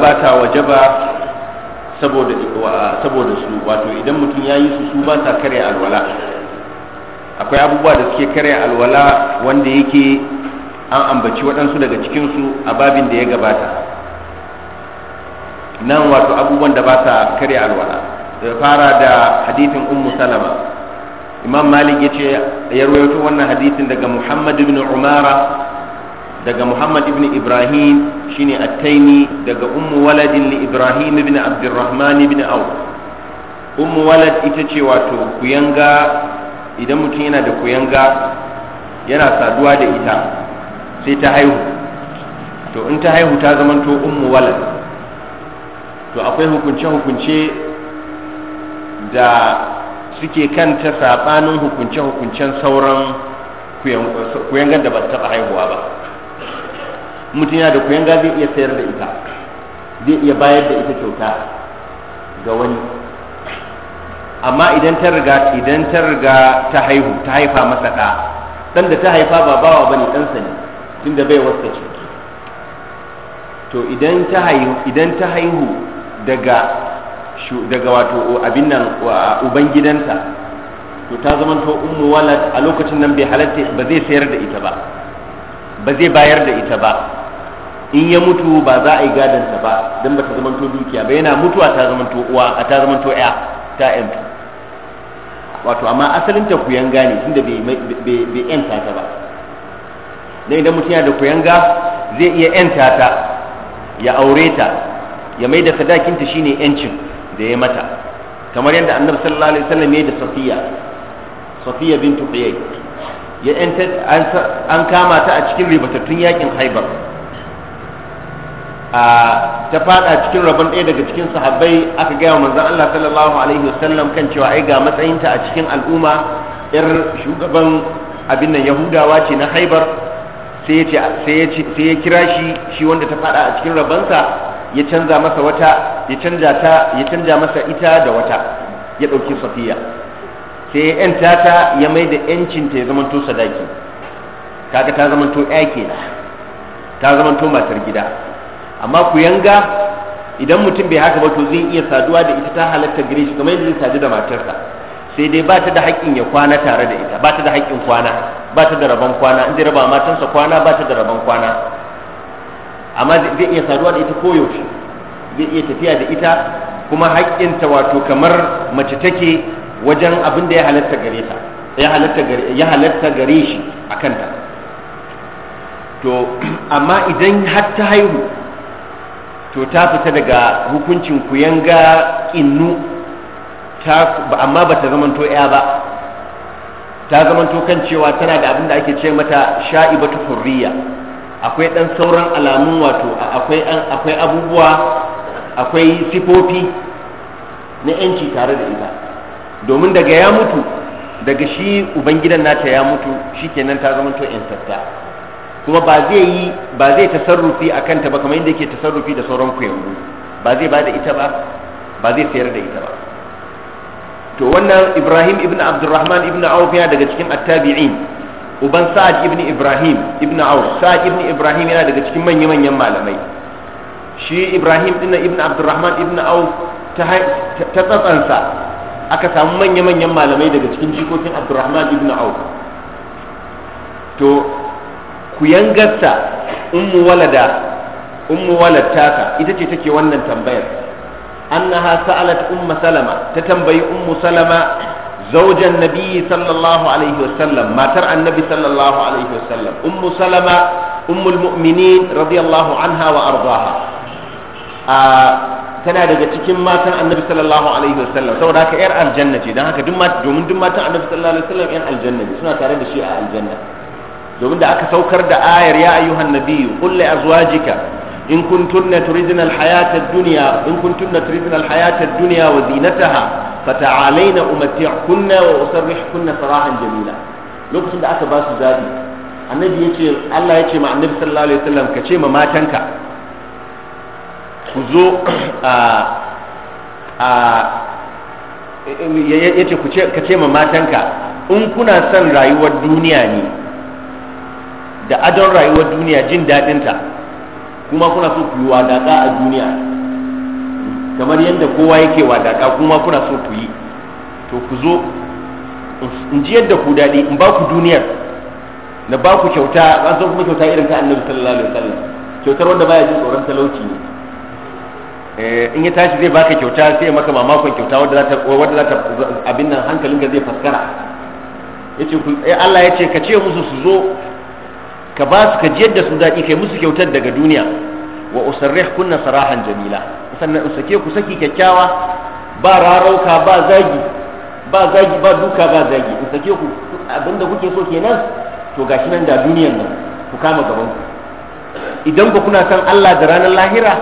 ba ta waje ba saboda su wato idan mutum ya yi su su ba sa karya alwala akwai abubuwa da suke karya alwala wanda yake an ambaci waɗansu daga cikinsu a babin da ya gabata nan wato abubuwan da ba sa karya alwala da fara da hadithin ummu salama imam malik ya ce ya rawaito wannan hadithin daga muhammad ibn umara daga Muhammad ibn Ibrahim shine At-Taimi daga Ummu Waladin li Ibrahim ibn Abdurrahman ibn Auf Ummu Walad ita ce wato kuyanga idan mutum yana da kuyanga yana saduwa da ita sai ta haihu to in ta haihu ta zamanto Ummu Walad to akwai hukunce hukunce da suke kanta sabanin hukunce hukuncen sauran kuyangar da ba ta taɓa haihuwa ba mutum yana da kuyanga zai iya sayar da ita zai iya bayar da ita kyauta ga wani amma idan ta riga idan ta riga ta haihu ta haifa masa ɗa ɗan da ta haifa ba bawa bane ɗansa ne tunda bai wasta ce to idan ta haihu idan ta haihu daga daga wato abin nan uban gidansa to ta zama to ummu walad a lokacin nan bai halatta ba zai sayar da ita ba ba zai bayar da ita ba in ya mutu ba za a yi gadonsa ba don ba ta zamanto dukiya ba yana mutuwa ta zamanto uwa a ta zamanto ya ta yantu wato amma asalin ta kuyanga ne tunda bai yanta ta ba dan idan mutum yana da kuyanga zai iya yanta ta ya aure ta ya mai da sadakinta shine yancin da ya mata kamar yadda annabi sallallahu alaihi wasallam ya da safiya safiya bintu huyay ya an kama ta a cikin ribatattun yakin haibar ta fada cikin rabon ɗaya daga cikin sahabbai aka gaya wa manzon Allah sallallahu alaihi wasallam kan cewa ai ga matsayinta a cikin al'umma yar shugaban abin nan yahudawa ce na haibar sai ya kira shi shi wanda ta fada a cikin rabonsa ya canza masa wata ya canza ta ya canza masa ita da wata ya ɗauki safiya sai ya yanta ta ya mai da yancinta ya zamanto sadaki kaga ta zamanto ya ta zamanto matar gida amma ku yanga idan mutum bai haka ba to zai iya saduwa da ita ta halatta gare shi kamar yadda zai sadu da matarsa sai dai ba ta da haƙƙin ya kwana tare da ita ba ta da haƙƙin kwana ba ta da rabon kwana in zai raba matansa kwana ba ta da rabon kwana amma zai iya saduwa da ita ko yaushe zai iya tafiya da ita kuma haƙƙinta wato kamar mace take wajen abin da ya halatta gare ta ya halatta gare shi a kanta to amma idan har ta haihu to ta fita daga hukuncin ku yanga innu ta amma ta zamanto ya ba ta zamanto kan cewa tana da abin da ake ce mata sha'ibatu furriya akwai dan sauran alamun wato akwai akwai abubuwa akwai sifofi na yanci tare da ita domin daga ya mutu daga shi ubangidan nata ya mutu shikenan ta zamanto yantatta kuma ba zai yi ba zai tasarrufi a kanta ba kamar yadda yake tasarrufi da sauran kuyangu ba zai ba da ita ba ba zai sayar da ita ba to wannan ibrahim ibn abdurrahman ibn auf yana daga cikin attabi'in uban sa'ad ibn ibrahim ibn auf sa'ad ibn ibrahim yana daga cikin manya manyan malamai shi ibrahim din ibn abdurrahman ibn auf ta tsatsansa aka samu manya manyan malamai daga cikin jikokin abdurrahman ibn auf to ku yangarta ummu walada ummu walad taka ita ce take wannan tambayar annaha sa'alat Umma salama ta tambayi ummu salama zaujan nabi sallallahu alaihi wasallam matar annabi sallallahu alaihi wasallam ummu salama ummul mu'minin radiyallahu anha wa ardaha tana daga cikin matan annabi sallallahu alaihi wasallam saboda haka yar aljanna ce don haka domin duk matan annabi sallallahu alaihi wasallam yan aljanna suna tare da shi a aljanna domin da aka saukar da ayar ya ayyuhan nabiyyu qul li azwajika in kuntunna turidna alhayata ad-dunya in kuntunna turidna alhayata ad-dunya wa zinataha fata'alaina umatti'kunna wa usarrihkunna sarahan jamila lokacin da aka ba su zabi annabi yace Allah yace ma annabi sallallahu alaihi wasallam ka ce ma matanka ku zo a a yace ku ce ka ce ma matanka in kuna son rayuwar duniya ne da adon rayuwar duniya jin daɗinta kuma kuna so ku yi wadaƙa a duniya kamar yadda kowa yake wadaƙa kuma kuna so ku yi to ku zo in ji yadda ku daɗi in ba ku duniyar na ba ku kyauta ba san kuma kyauta irin ta annabi sallallahu alaihi wasallam kyautar wanda baya jin tsoron talauci ne eh, in ya tashi zai baka kyauta sai ya maka mamakon kyauta wadda za ta wadda za ta abin nan hankalinka zai faskara yace ku eh Allah yace ka ce musu su zo ka ba su ka ji da su daɗi kai musu kyautar daga duniya wa usarrih kunna sarahan jamila sannan in sake ku saki kyakkyawa ba rarauka ba zagi ba zagi ba duka ba zagi in sake ku abinda kuke so kenan to gashi nan da duniyan nan ku kama gaban ku idan ba kuna san Allah da ranar lahira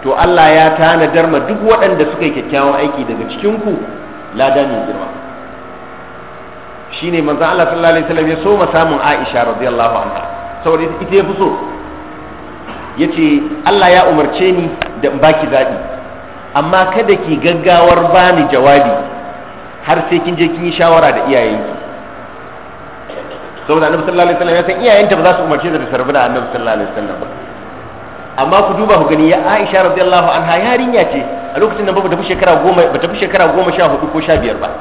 to Allah ya tanadar ma duk waɗanda suka yi kyakkyawan aiki daga cikin ku lada mai girma shine manzon Allah sallallahu alaihi wasallam ya so samun Aisha radiyallahu anha saboda ita ya fi so ya ce Allah ya umarce ni da in baki zaɓi amma kada ki gaggawar bani jawabi har sai kin je kin yi shawara da iyayenki saboda annabi sallallahu alaihi wasallam ya san iyayenta ba za su umarce da sarbi da annabi sallallahu alaihi wasallam ba amma ku duba ku gani ya Aisha radiyallahu anha yarinya ce a lokacin da ba ta fi shekara goma ba ta fi shekara goma sha hudu ko sha biyar ba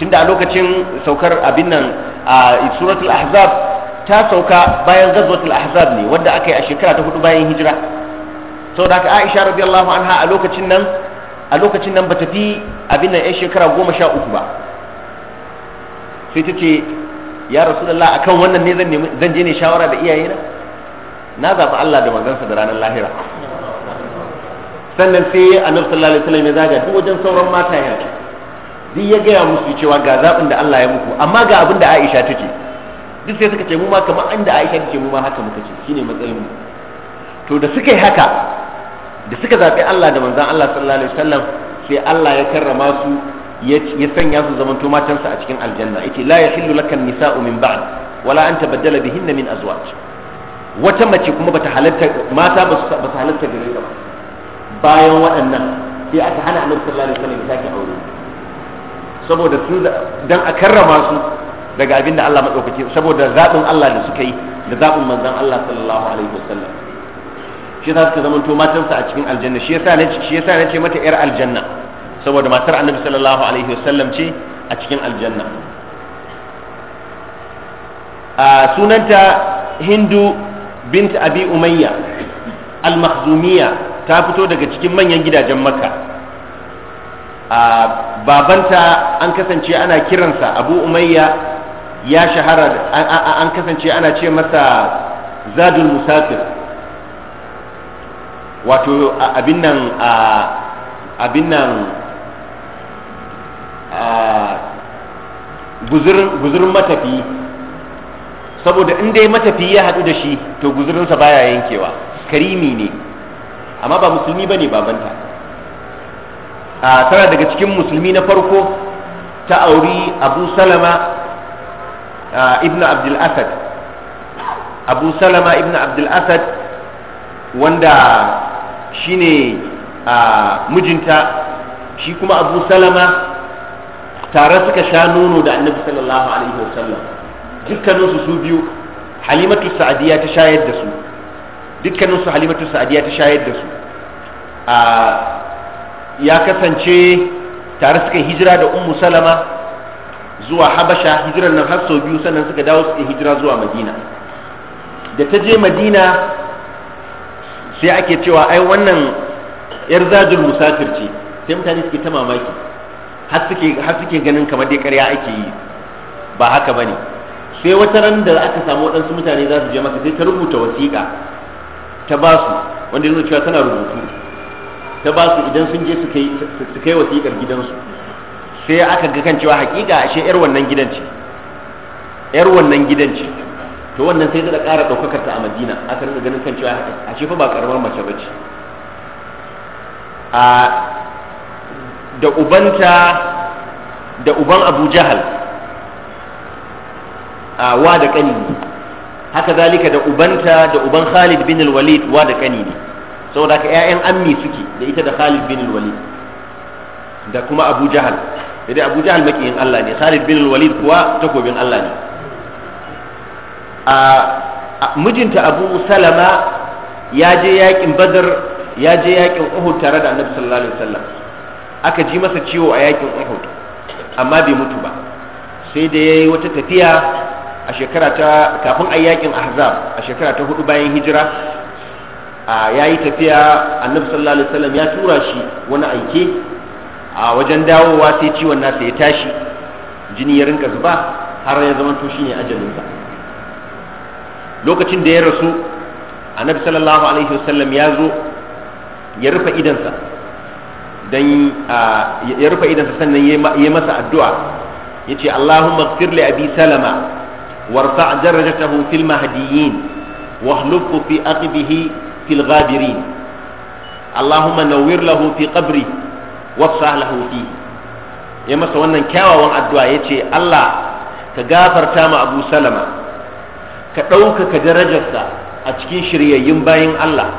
tunda a lokacin saukar abin nan a suratul ahzab ta sauka bayan ghazwatul ahzab ne wadda aka yi a shekara ta hudu bayan hijira saboda haka Aisha radiyallahu anha a lokacin nan a lokacin nan bata fi abin nan 'yan shekara goma sha uku ba sai ta ce ya rasulullah akan wannan ne zan nemi je ne shawara da iyaye na zaɓi Allah da manzansa da ranar lahira sannan sai annabi sallallahu alaihi wasallam ya zaga duk wajen sauran mata yanzu duk ya gaya musu cewa ga zaɓin da Allah ya muku amma ga abin da Aisha take duk sai suka ce mu ma kamar inda Aisha take mu ma haka muka ce shine matsayin mu to da suka yi haka da suka zaɓi Allah da manzon Allah sallallahu alaihi wasallam sai Allah ya karrama su ya sanya su zaman to matansa a cikin aljanna yace la yahillu lakan nisa'u min ba'd wala an tabaddala bihinna min azwaj wata mace kuma bata halatta mata ba su halatta gare ta ba bayan waɗannan sai aka hana Annabi sallallahu alaihi wasallam ya sake aure saboda sun dan a karrama su daga abin da Allah madaukaki saboda zaɓin Allah da suka yi da zaɓin manzon Allah sallallahu alaihi wasallam shi yasa suka zama to matansa a cikin aljanna shi yasa ne shi yasa ne ce mata yar aljanna saboda matar annabi sallallahu alaihi wasallam ce a cikin aljanna a sunanta hindu bint abi umayya al-makhzumiyya ta fito daga cikin manyan gidajen makka a babanta an kasance ana kiransa abu umayya ya shahara an kasance ana ce masa zadul musafir wato abin nan abin nan guzurin matafi saboda in dai matafi ya haɗu da shi to guzurinsa baya yankewa karimi ne amma ba musulmi ba ne babanta tana daga cikin musulmi na farko ta auri abu salama ibn abdul asad abu salama ibn abdul asad wanda shine mijinta shi kuma abu salama tare suka sha nono da annabi sallallahu alaihi wasallam dukkaninsu su biyu halimatu sa'adiyya ta shayar da su dukkaninsu halimatu sa'adiyya ta shayar da su ya kasance tare suka hijira da ummu salama zuwa habasha hijiran nan har sau biyu sannan suka dawo suke hijira zuwa madina da ta je madina sai ake cewa ai wannan yar zajul musafir ce sai mutane suke ta mamaki har suke ganin kamar dai karya ake yi ba haka ba ne. sai wata ran da aka samu waɗansu mutane za su je maka sai ta rubuta wasiƙa ta ba su wanda yana cewa tana rubutu ta ba su idan sun je su kai wasiƙar gidansu sai aka ga kan cewa hakika ashe yar wannan gidan ce yar wannan gidan ce to wannan sai da ƙara ɗaukakar ta a madina aka rinka ganin kan cewa ashe fa ba karamar mace ba ce a da ubanta da uban abu jahal a wa da kani ne haka zalika da ubanta da uban khalid bin walid wa da kani ne saboda haka 'ya'yan ammi suke da ita da khalid bin walid da kuma abu jahal sai Abu Jahal makiyin Allah ne Khalid bin Walid kuwa takobin Allah ne a mijinta Abu Salama ya je yakin Badar ya je yakin Uhud tare da Annabi sallallahu alaihi wasallam aka ji masa ciwo a yakin Uhud amma bai mutu ba sai da yayi wata tafiya a shekara ta kafin a yakin Ahzab a shekara ta hudu bayan hijira a yayi tafiya Annabi sallallahu alaihi wasallam ya tura shi wani aike a wajen dawowa sai ciwon nasa ya tashi jini ya rinka zuba har ya zama to shine ajalinsa lokacin da ya rasu annabi sallallahu alaihi wasallam ya zo ya rufe idansa dan ya rufe idansa sannan ya masa addu'a yace Allahumma ighfir li abi salama warfa' darajatahu fil mahdiyyin واخلفه في أقبه في الغابرين اللهم نور له في قبره wafsah lahu fi ya masa wannan kyawawan addu'a ya ce Allah ka gafarta ma Abu Salama ka ɗaukaka darajarsa a cikin shiryayyun bayan Allah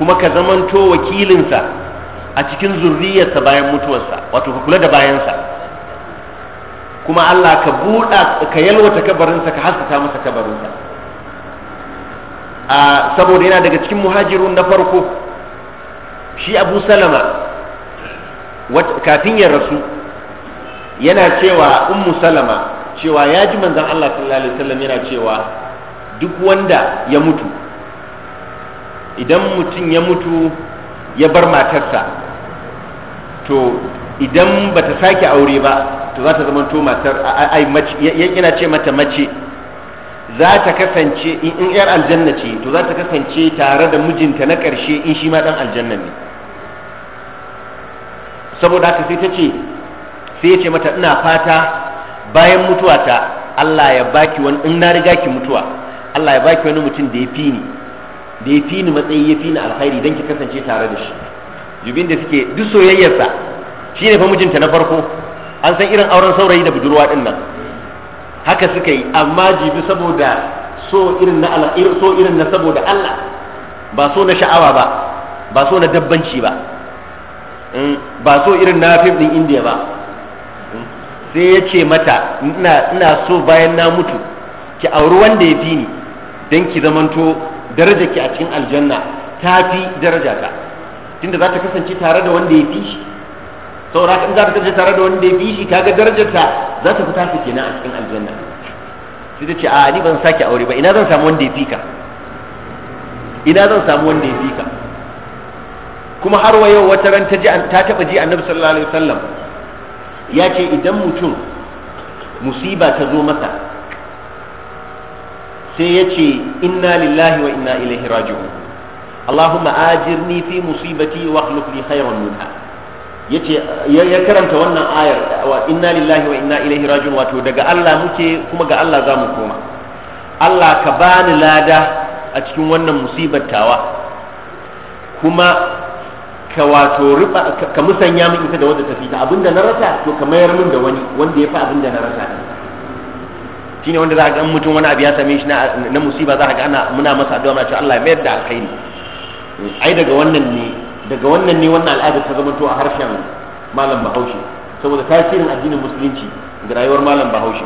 kuma ka zamanto wakilinsa a cikin zurriyarsa bayan mutuwarsa wato ka kula da bayansa kuma Allah ka buɗa ka yalwata kabarinsa ka haskaka masa kabarinsa saboda yana daga cikin muhajirun na farko shi Abu Salama kafin ya rasu yana cewa ummu salama cewa ya ji manzon Allah sallallahu alaihi wasallam yana cewa duk wanda ya mutu idan mutum ya mutu ya bar matarsa to idan ba ta sake aure ba to za ta zama to matar ai mace yana ce mata mace za ta kasance in yar aljanna ce to za ta kasance tare da mijinta na ƙarshe in shi ma dan aljanna ne saboda haka sai ta ce sai ya ce mata ina fata bayan mutuwa ta Allah ya baki wani in na riga ki mutuwa Allah ya baki wani mutum da ya fi ni da ya fi ni matsayi ya fi ni alkhairi dan ki kasance tare da shi jubin da suke duk soyayyarsa shine fa mijinta na farko an san irin auren saurayi da budurwa din nan haka suka yi amma jibi saboda so irin na so irin na saboda Allah ba so na sha'awa ba ba so na dabbanci ba Mm, ba so irin na fim din indiya ba mm, sai ya ce mata ina so bayan na mutu ki auri wanda ya fi ni don ki zamanto daraja ki a cikin aljanna ta fi daraja ta tunda za ta kasance tare da wanda ya fi shi saura in za ta kasance tare da wanda ya fi shi kaga darajar ta za ta fita su na a cikin aljanna sai ta ce a ni ban sake aure ba ina zan samu wanda ya fi ka ina zan samu wanda ya fi ka kuma har wa yau wata ran ta ji ta taba ji annabi sallallahu alaihi wasallam ya ce idan mutum musiba ta zo masa sai ya ce inna lillahi wa inna ilaihi raji'un allahumma ajirni fi musibati wa akhlif li khayran minha yace ya karanta wannan ayar wa inna lillahi wa inna ilaihi raji'un wato daga Allah muke kuma ga Allah zamu koma Allah ka bani lada a cikin wannan musibar tawa kuma ka wato riba ka musanya min ita da wanda tafi ta abinda na rasa to ka mayar min da wani wanda ya fi abinda na rasa shine wanda za ka ga mutum wani abu ya same shi na musiba za ka ga ana muna masa addu'a muna cewa Allah ya mayar da alkhairi ai daga wannan ne daga wannan ne wannan al'adar ta zama to a harshen malam Bahaushe saboda tasirin addinin musulunci ga rayuwar malam Bahaushe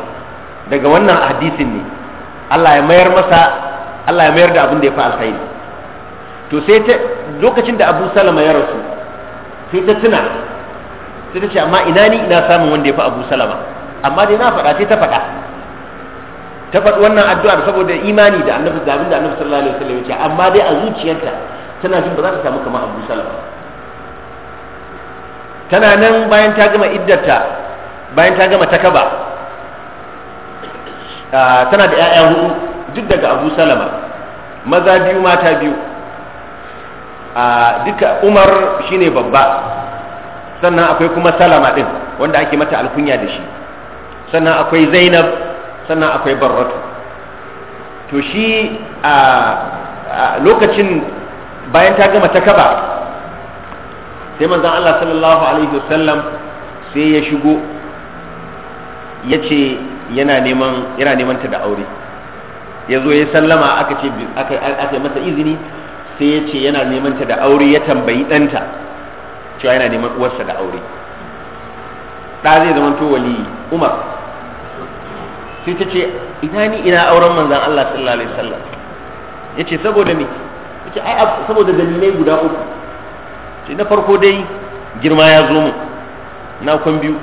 daga wannan hadisin ne Allah ya mayar masa Allah ya mayar da abin da ya fi alkhairi to sai ta lokacin da abu salama ya rasu sai ta tuna sai ta ce amma ina ni ina samun wanda ya fi abu salama amma dai na faɗa sai ta faɗa ta faɗi wannan addu'ar saboda imani da annabi da abin da annabi sallallahu alaihi wasallam ya ce amma dai a zuciyarta tana jin ba za ta samu kamar abu salama tana nan bayan ta gama iddarta bayan ta gama takaba ah, tana da 'ya'ya hudu duk daga abu salama maza biyu mata biyu a duka umar shine babba sannan akwai kuma salama din wanda ake mata alkunya da shi sannan akwai zainab sannan akwai barratu to shi a lokacin bayan ta gama ta kaba sai manzan Allah sallallahu alaihi wasallam sai ya shigo ya ce yana neman ta da aure ya zo ya sallama aka ce aka masa izini sai ya ce yana neman ta da aure ya tambayi ɗanta cewa yana neman uwarsa da aure ɗa zai zama to wali umar sai ta ce ina ni ina auren manzan Allah sallallahu alaihi wasallam ya ce saboda me ya ce ai saboda dalilai guda uku ce na farko dai girma ya zo mu na kwan biyu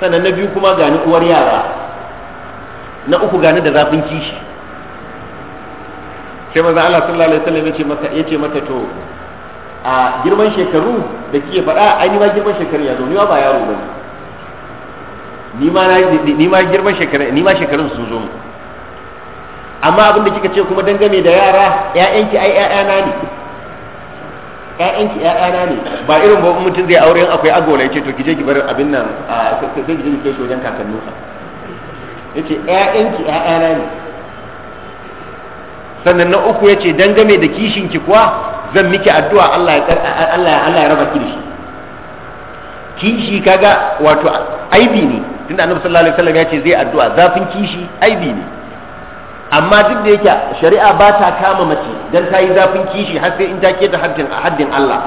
sannan na biyu kuma gani uwar yara na uku gani da zafin kishi sai maza Allah sallallahu alaihi wasallam yace masa yace mata to a girman shekaru da kike faɗa ai ni ma girman shekaru ya zo ni ba yaro bane ni ma ni ma girman shekaru ni ma shekarun sun zo amma abin da kika ce kuma dangane da yara ƴaƴanki ai ƴaƴana ne ƴaƴanki ƴaƴana ne ba irin ba mutum zai aure in akwai agola yace to kije ki bar abin nan sai ki ki kai yace ƴaƴanki ne sannan na uku yace game da kishin ki kuwa zan miki addu'a Allah ya Allah Allah ya raba ki da shi kishi kaga wato aibi ne tunda annabi sallallahu alaihi wasallam yace zai addu'a zafin kishi aibi ne amma duk da yake shari'a ba ta kama mace dan ta yi zafin kishi har sai in ta keta haddin haddin Allah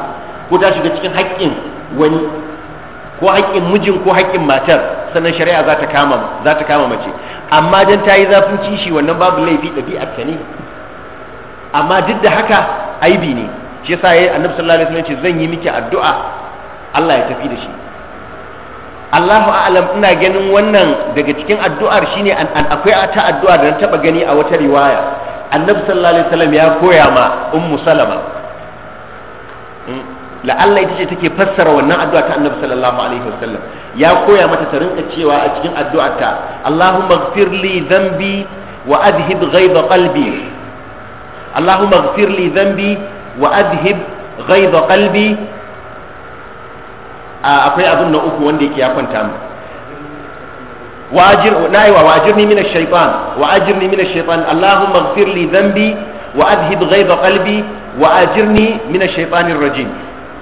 ko ta shiga cikin haƙƙin wani ko haƙƙin mijin ko haƙƙin matar sannan shari'a za ta kama za ta kama mace amma dan ta yi zafin kishi wannan babu laifi ɗabi'ar ta ne amma duk da haka aibi ne shi yasa yayi annabi sallallahu alaihi wasallam ce zan yi miki addu'a Allah ya tafi da shi Allahu a'lam ina ganin wannan daga cikin addu'ar shine an akwai ta addu'a da na taba gani a wata riwaya annabi sallallahu alaihi wasallam ya koya ma ummu salama hmm? la'alla ita ce take fassara wannan addu'a ta annabi sallallahu alaihi wasallam ya koya mata ta rinka cewa a cikin addu'arta Allahumma ighfir li dhanbi wa adhhib ghaiba qalbi اللهم اغفر لي ذنبي وأذهب غيظ قلبي akwai abin na uku wanda ya kwanta mu wajir nayi wa wajirni min ash-shaytan wa allahumma ighfir li dhanbi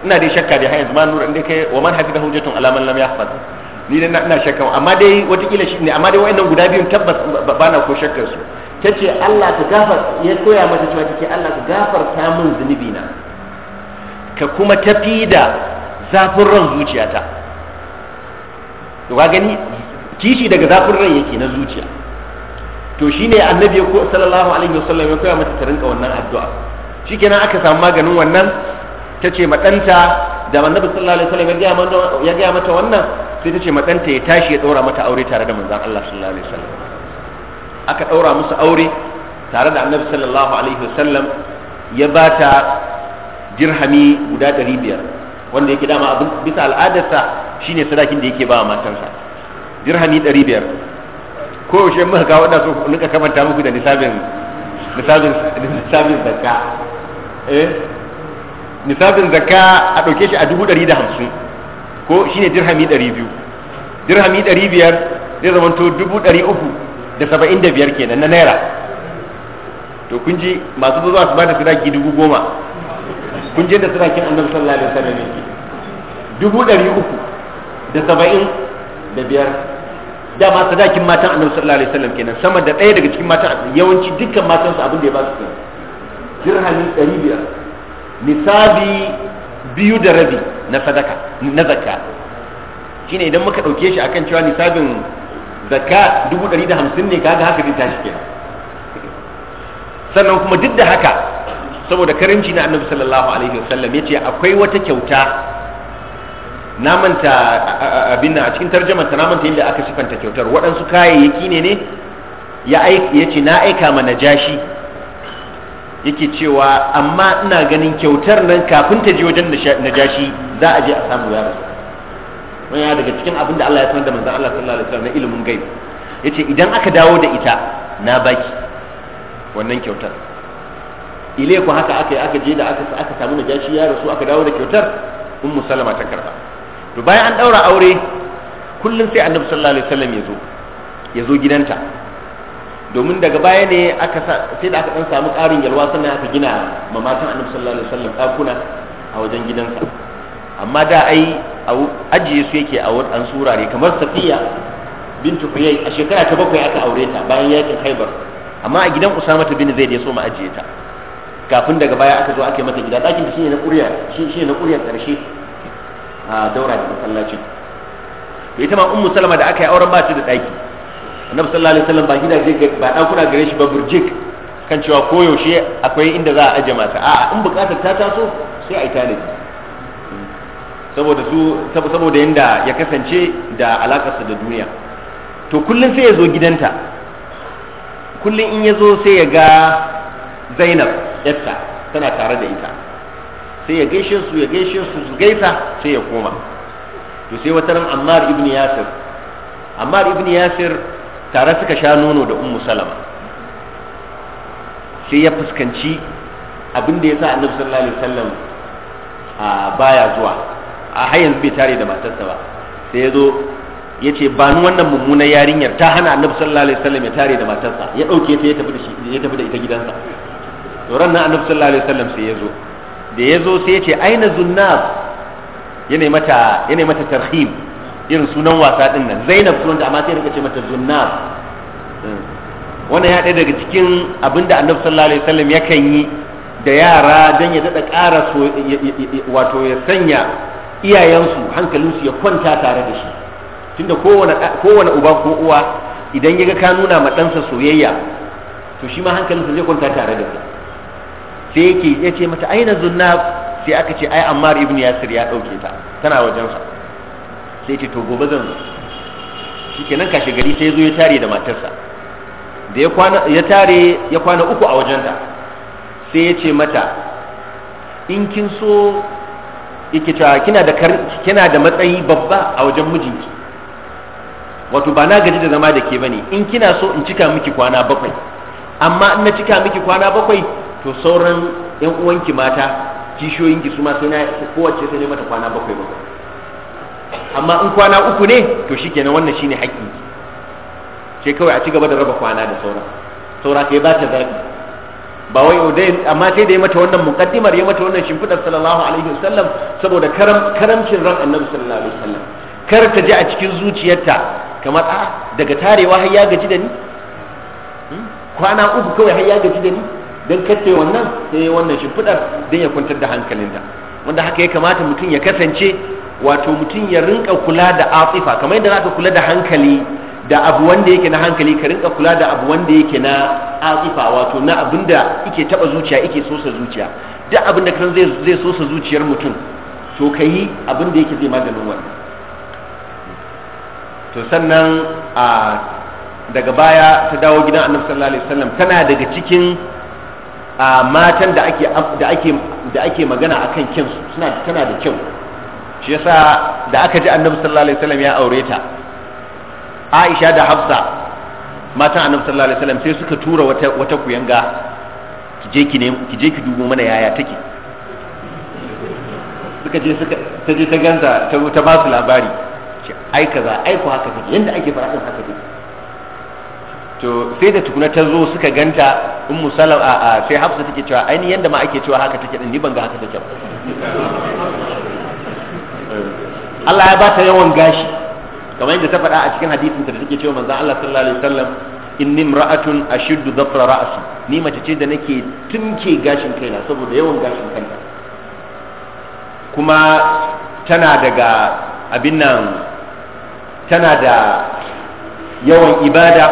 ina dai shakka dai har yanzu ma nura kai wa man hafidahu hujjatun ala lam yahfaz ni dai ina shakka amma dai wata kila shi ne amma dai wayannan guda biyun tabbas bana ko shakkar su ta ce Allah ta gafar ya koya mata cewa take Allah ka gafarta min zunubi na ka kuma tafi da zafin ran zuciyata to ga gani kishi daga zafin ran yake na zuciya to shine annabi ko sallallahu alaihi wasallam ya koya mata ta rinka wannan addu'a shikenan aka samu maganin wannan ta ce maɗanta da annabi sallallahu alaihi wasallam ya gaya mata wannan sai ta ce maɗanta ya tashi ya dora mata aure tare da manzon Allah sallallahu alaihi wasallam aka ɗaura musu aure tare da annabi sallallahu alaihi wasallam ya ba ta dirhami guda ɗari biyar wanda yake dama abin bisa al'adarsa shine sadakin da yake ba matarsa dirhami ɗari biyar ko yaushe muka kawo ina su nuka kamanta muku da nisabin nisabin nisabin zakka eh nisabin zakka a ɗauke shi a dubu ɗari da hamsin ko shine dirhami ɗari biyu dirhami ɗari biyar zai zamanto dubu ɗari uku da saba'in da biyar kenan na naira to kun ji masu zuwa su ba da ki dubu goma kun je da sadakin annabi sallallahu alaihi wasallam yake dubu ɗari uku da saba'in da biyar dama kin matan annabi sallallahu alaihi wasallam kenan sama da ɗaya daga cikin matan yawanci dukkan matan su abin da ya ba su kenan dirhami ɗari biyar nisabi biyu da rabi na sadaka na zakka shine idan muka ɗauke shi akan cewa nisabin zakka dubu ɗari da hamsin ne kaga haka zai tashi kenan sannan kuma duk da haka saboda karinci na annabi sallallahu alaihi wasallam yace akwai wata kyauta na manta abin nan a cikin tarjamar ta na manta yadda aka sifanta kyautar waɗansu kayayyaki ne ne ya ce na aika ma najashi yake cewa amma ina ganin kyautar nan kafin ta je wajen najashi za a je a samu ya rasu wannan daga cikin abin da Allah ya sanar da manzan Allah sallallahu alaihi wasallam na ilimin gaibi yace idan aka dawo da ita na baki wannan kyautar ile ku haka aka yi aka je da aka aka samu gashi ya rasu aka dawo da kyautar ummu salama ta karba to bayan an daura aure kullum sai annabi sallallahu alaihi wasallam ya zo ya zo gidanta domin daga baya ne aka sai da aka dan samu ƙarin yalwa sannan aka gina mamatan annabi sallallahu alaihi wasallam ɗakuna a wajen gidansa amma da ai ajiye su yake a an surare kamar safiya bintu huyai a shekara ta bakwai aka aure ta bayan yakin haibar amma a gidan usama ta bin zaid ya so mu ajiye ta kafin daga baya aka zo aka yi mata gida ɗakin da shine na ƙurya shine na ƙuryan karshe a daura da masallacin to ita ma ummu salama da aka yi auren ba ta da ɗaki annabi sallallahu alaihi wasallam ba gidaje ba ɗakuna gare shi ba burjik kan cewa koyaushe akwai inda za a aje mata a'a in buƙatar ta taso sai a yi tanadi saboda su saboda yanda ya kasance da alakarsa da duniya to kullum sai ya zo gidanta kullum in ya zo sai ya ga zainab yarta tana tare da ita sai ya gaishe su ya gaishe su su gaisa sai ya koma to sai wata ran ammar ibn yasir ammar ibn yasir tare suka sha nono da ummu salama sai ya fuskanci abin da ya sa annabi sallallahu alaihi wasallam baya zuwa a hayan bai tare da matarsa ba sai ya zo ya ce ba ni wannan mummunan yarinyar ta hana annabi sallallahu alaihi wasallam ya tare da matarsa ya ɗauke ta ya tafi da shi ya tafi da ita gidansa to ran nan annabi sallallahu alaihi wasallam sai ya zo da ya zo sai ya ce aina zunnab yana mata yana mata tarhim irin sunan wasa din nan zainab sunan da amma sai rika ce mata zunnab wannan ya ɗaya daga cikin abinda annabi sallallahu alaihi wasallam yakan yi da yara don ya daɗa ƙara wato ya sanya iyayensu hankalinsu ya kwanta tare da shi tunda kowane kowane uba ko uwa idan ya ga ka nuna ma ɗansa soyayya to shi ma hankalinsa zai kwanta tare da kai sai yake ya ce mata aina zunna sai aka ce ai ammar ibn yasir ya ɗauke ta tana wajensa sai ce to gobe zan zo shikenan kashe gari sai ya zo ya tare da matarsa da ya kwana ya tare ya kwana uku a wajenta sai ya ce mata in kin so yake cewa kina da kina da matsayi babba a wajen mijinki wato ba na gaji da zama da ke bane in kina so in cika miki kwana bakwai amma in na cika miki kwana bakwai to sauran yan uwanki mata kishiyoyinki su ma sai na kowace sai ne mata kwana bakwai bakwai amma in kwana uku ne to shikenan wannan shine hakki sai kawai a ci gaba da raba kwana da sauran saura kai ba ta zaɓi ba wai udayn amma sai da ya mata wannan muqaddimar ya mata wannan shimfidar sallallahu alaihi wasallam saboda karam karamcin ran annabi sallallahu alaihi wasallam kar ta ji a cikin zuciyarta kamar a ah, daga tarewa har ya gaji da ni hmm? kwana uku kawai har ya gaji da ni dan kace wannan sai ya wannan shimfidar dan ya kwantar da hankalinta wanda haka ya kamata mutum ya kasance wato mutum ya rinka kula da atifa kamar yadda zaka kula da hankali da abu wanda yake na hankali ka rinka kula da abu wanda yake na atsifa wato na abin da yake taba zuciya yake sosa zuciya duk abin da kan zai sosa zuciyar mutum to ka yi abin da yake zai maganin wannan to sannan a daga baya ta dawo gidan annabi sallallahu alaihi wasallam tana daga cikin a matan da ake da ake da ake magana akan kinsu suna tana da kyau shi yasa da aka ji annabi sallallahu alaihi wasallam ya aure ta aisha da hafsa matan annabi sallallahu alaihi wasallam sai suka tura wata wata kuyanga ki je ki ne ki je ki dubo mana yaya take suka je suka ta je ta ganza ta ta ba su labari ce ai kaza ai ku haka take yanda ake fara din haka take to sai da tukuna ta zo suka ganta ummu a a sai hafsa take cewa ai ni yanda ma ake cewa haka take din ni ban ga haka take ba Allah ya ba ta yawan gashi kamar yadda ta faɗa a cikin hadisin ta da take cewa manzon Allah sallallahu alaihi wasallam inni imra'atun ashuddu dhafra ra'si ni mace ce da nake tunke gashin kaina saboda yawan gashin kaina kuma tana daga abin nan tana da yawan ibada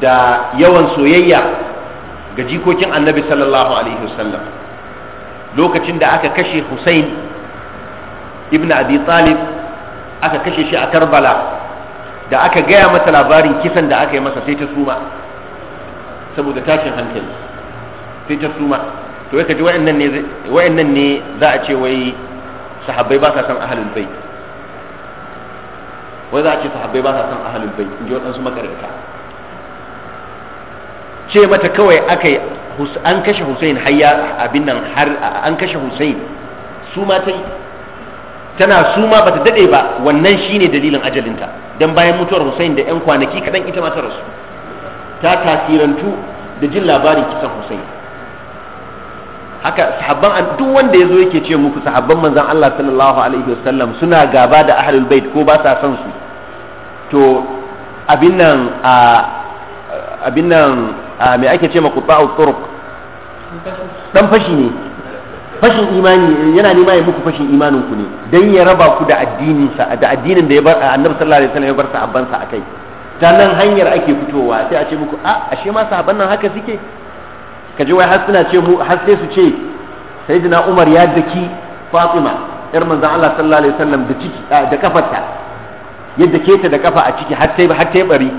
da yawan soyayya ga jikokin annabi sallallahu alaihi wasallam lokacin da aka kashe Hussein ibn Abi Talib aka kashe shi a karbala da aka gaya mata labarin kisan da aka yi masa sai ta suma saboda tashin hankali sai ta suma to ya kaji wa'annan ne za a ce wai sahabbai ba sa san ahalul bai wai za a ce sahabbai ba sa san ahalul bai in ji waɗansu makaranta ce mata kawai aka yi an kashe Hussein har abin nan har an kashe Hussein su ma ta yi tana suma bata dade ba wannan shine dalilin ajalinta don bayan mutuwar Hussein da 'yan kwanaki kadan ita ma ta rasu ta tasirantu da jin labarin kisan Hussein haka sahabban duk wanda ya yazo yake ce muku sahabban manzon Allah sallallahu alaihi wasallam suna gaba da ahlul bait ko ba sa son su to abin nan a abin ake ce ma qutba'u turuq dan fashi ne fashin imani yana nema ya muku fashin imanin ku ne dan ya raba ku da addinin sa da addinin da ya bar annabi sallallahu alaihi wasallam ya bar sahabban sa akai ta nan hanyar ake fitowa sai a ce muku a ah, ashe ma sahabban nan haka suke kaje wai har suna ce mu har sai su ce sayyidina Umar ya daki Fatima yar manzon Allah sallallahu alaihi wasallam da ciki ah, da kafarta yadda keta da kafa a ciki har sai har sai bari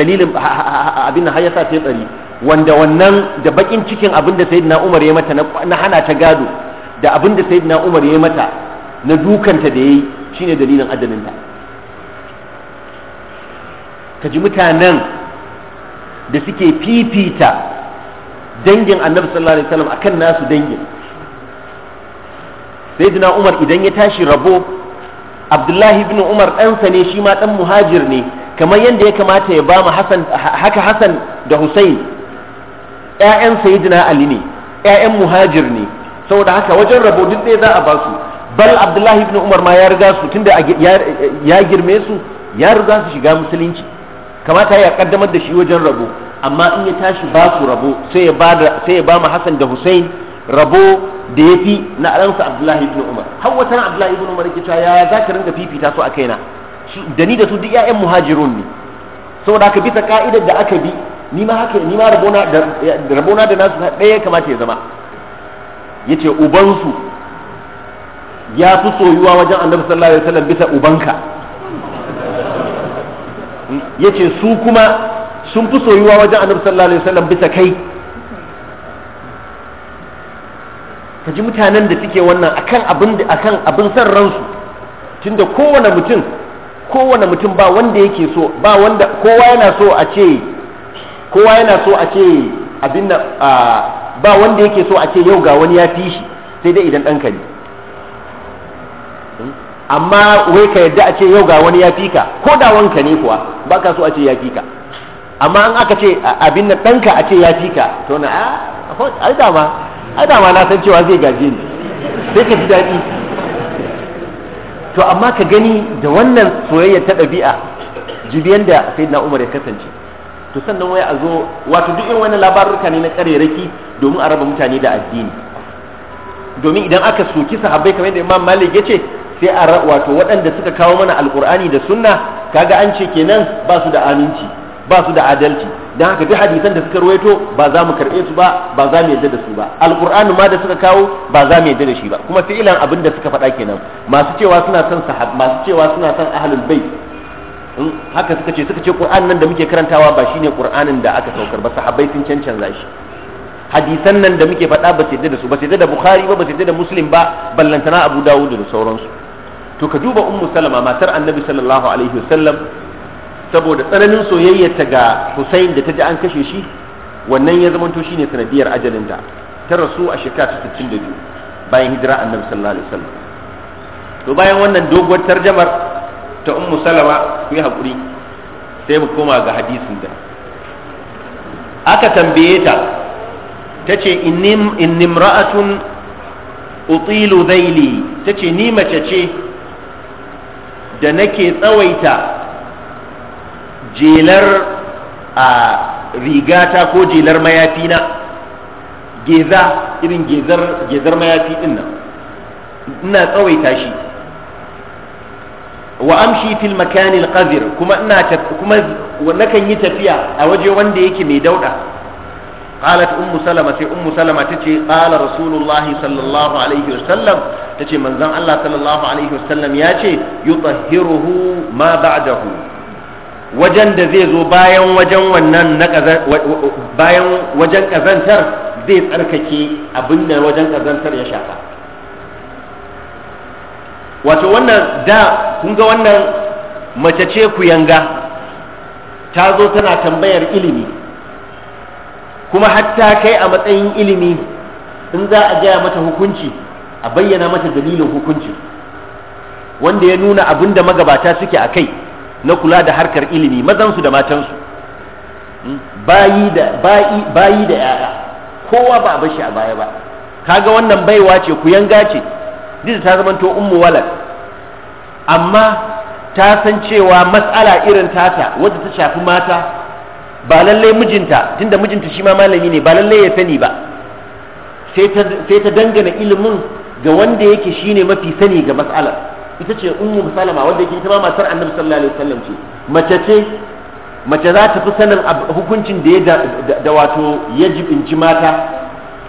dalilin abin nan har yasa sai bari wanda wannan da bakin cikin abin da sayyidina Umar ya mata na hana ta gado da abin da sayyidina Umar ya mata na dukanta da yayi shine dalilin adalinta ka kaji mutanen da suke fifita dangin annabi sallallahu alaihi wasallam akan nasu dangin sayyidina Umar idan ya tashi rabo Abdullahi ibn Umar ɗansa ne shi ma ɗan muhajir ne kamar yadda ya kamata ya ba mu haka Hassan da Hussein ya'yan sayidina ali ne ya'yan muhajir ne saboda haka wajen rabo duk ɗaya za a ba su bal abdullahi ibn umar ma ya riga su da ya girme su ya riga su shiga musulunci kamata ya kaddamar da shi wajen rabo amma in ya tashi ba su rabo sai ya ba sai ya ba mu hasan da husain rabo da ya fi na ransa abdullahi ibn umar har wata abdullahi ibn umar ke cewa ya za ka rinka fifita su a kaina da ni da su duk ya'yan muhajirun ne saboda haka bisa ka'idar da aka bi ni ma haka ni ma rabona da rabona da nasu ɗaya kamata ya zama yace ubansu ya fi soyuwa wajen annabi sallallahu alaihi wasallam bisa ubanka yace su kuma sun fi soyuwa wajen annabi sallallahu alaihi wasallam bisa kai ka ji mutanen da suke wannan akan abin akan abin san ransu tunda kowane mutum kowane mutum ba wanda yake so ba wanda kowa yana so a ce kowa yana so a ce abin da ba wanda yake so a ce yau ga wani ya fi shi sai dai idan ɗanka ne amma wai ka yadda a ce yau ga wani ya fi ka ko da wanka ne kuwa ba ka so a ce ya fi ka amma an aka ce abin da ɗanka a ce ya fi ka to na a ah, dama ai dama na san cewa zai gaje ni sai ka ji daɗi to amma ka gani da wannan soyayya ta ɗabi'a jibiyan da na umar ya kasance to sannan waya a zo wato duk irin wani labarurka ne na raki domin a raba mutane da addini domin idan aka soki sahabbai kamar da imam malik ya ce sai a wato waɗanda suka kawo mana alkur'ani da sunna kaga an ce kenan ba su da aminci ba su da adalci don haka duk hadisan da suka ruwaito ba za mu karɓe su ba ba za mu yarda da su ba alkur'ani ma da suka kawo ba za mu yarda da shi ba kuma fi'ilan abin da suka faɗa kenan masu cewa suna son sahab masu cewa suna son ahlul bait in haka suka ce suka ce qur'an nan da muke karantawa ba shine qur'anin da aka saukar ba sahabbai sun cancanza shi hadisan nan da muke faɗa ba su da su ba su yadda da bukhari ba ba su da muslim ba ballantana abu dawud da sauransu to ka duba ummu salama matar annabi sallallahu alaihi wasallam saboda tsananin soyayyarta ga husain da ta ji an kashe shi wannan ya zamanto shine sanadiyar ajalinta ta rasu a shekara ta 62 bayan hijira annabi sallallahu alaihi wasallam to bayan wannan doguwar tarjamar ta ummu salama ku yi haƙuri sai mu koma ga hadisin da aka tambaye ta ta ce innimra'atun utilu zaili ta ce ni mace ce da nake tsawaita jelar a rigata ko jelar mayafi na geza irin gezar mayafi din nan ina tsawaita shi wa amshi fil makanil qadir kuma ina kuma nakan yi tafiya a waje wanda yake mai dauda qalat ummu salama sai ummu salama tace qala rasulullahi sallallahu alaihi wasallam tace manzon Allah sallallahu alaihi wasallam ya ce yutahhiruhu ma ba'dahu wajen da zai zo bayan wajen wannan na bayan wajen kazantar zai tsarkake abin da wajen kazantar ya shafa wato wannan da kun ga wannan mace ce ku yanga ta zo tana tambayar ilimi kuma hatta kai a matsayin ilimi in za a gaya mata hukunci a bayyana mata dalilin hukunci wanda ya nuna abin da magabata suke a kai na kula da harkar ilimi mazansu da matansu hmm, bayi da yaya kowa ba a bashi a baya ba kaga wannan baiwa ce ku yanga ce duk ta to ummu walad amma ta san cewa mas'ala irin tata wadda ta shafi mata ba lalle mijinta tunda mijinta shi ma malami ne ba lalle ya sani ba sai ta dangana ilimin ga wanda yake shine mafi sani ga mas'alar ita ce ummu salama wanda yake ita ma matar annabi sallallahu alaihi wasallam ce mace ce mace za ta fi sanin hukuncin da ya da wato yajibin ji mata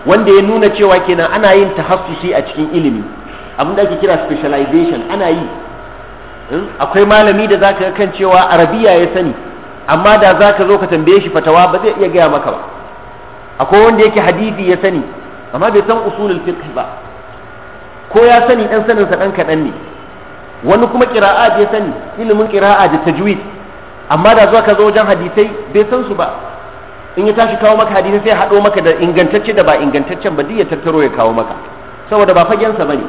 wanda ya nuna cewa kenan ana yin tahassusi a cikin ilimi abin da ake kira specialization ana yi hmm? akwai malami da zaka kan cewa arabiya ya sani amma da zaka zo ka tambaye shi fatawa ba zai iya gaya maka ba akwai wanda yake hadisi ya sani amma bai san usulul fiqh ba ko ya sani dan sanin sa dan kadan ne wani kuma qira'a ya sani ilimin kira'a da tajwid amma da zaka ka zo wajen hadisai bai san su ba in ya tashi kawo maka hadisi sai ya haɗo maka da ingantacce da ba ingantaccen ba duk ya tattaro ya kawo maka saboda ba fagen fagensa bane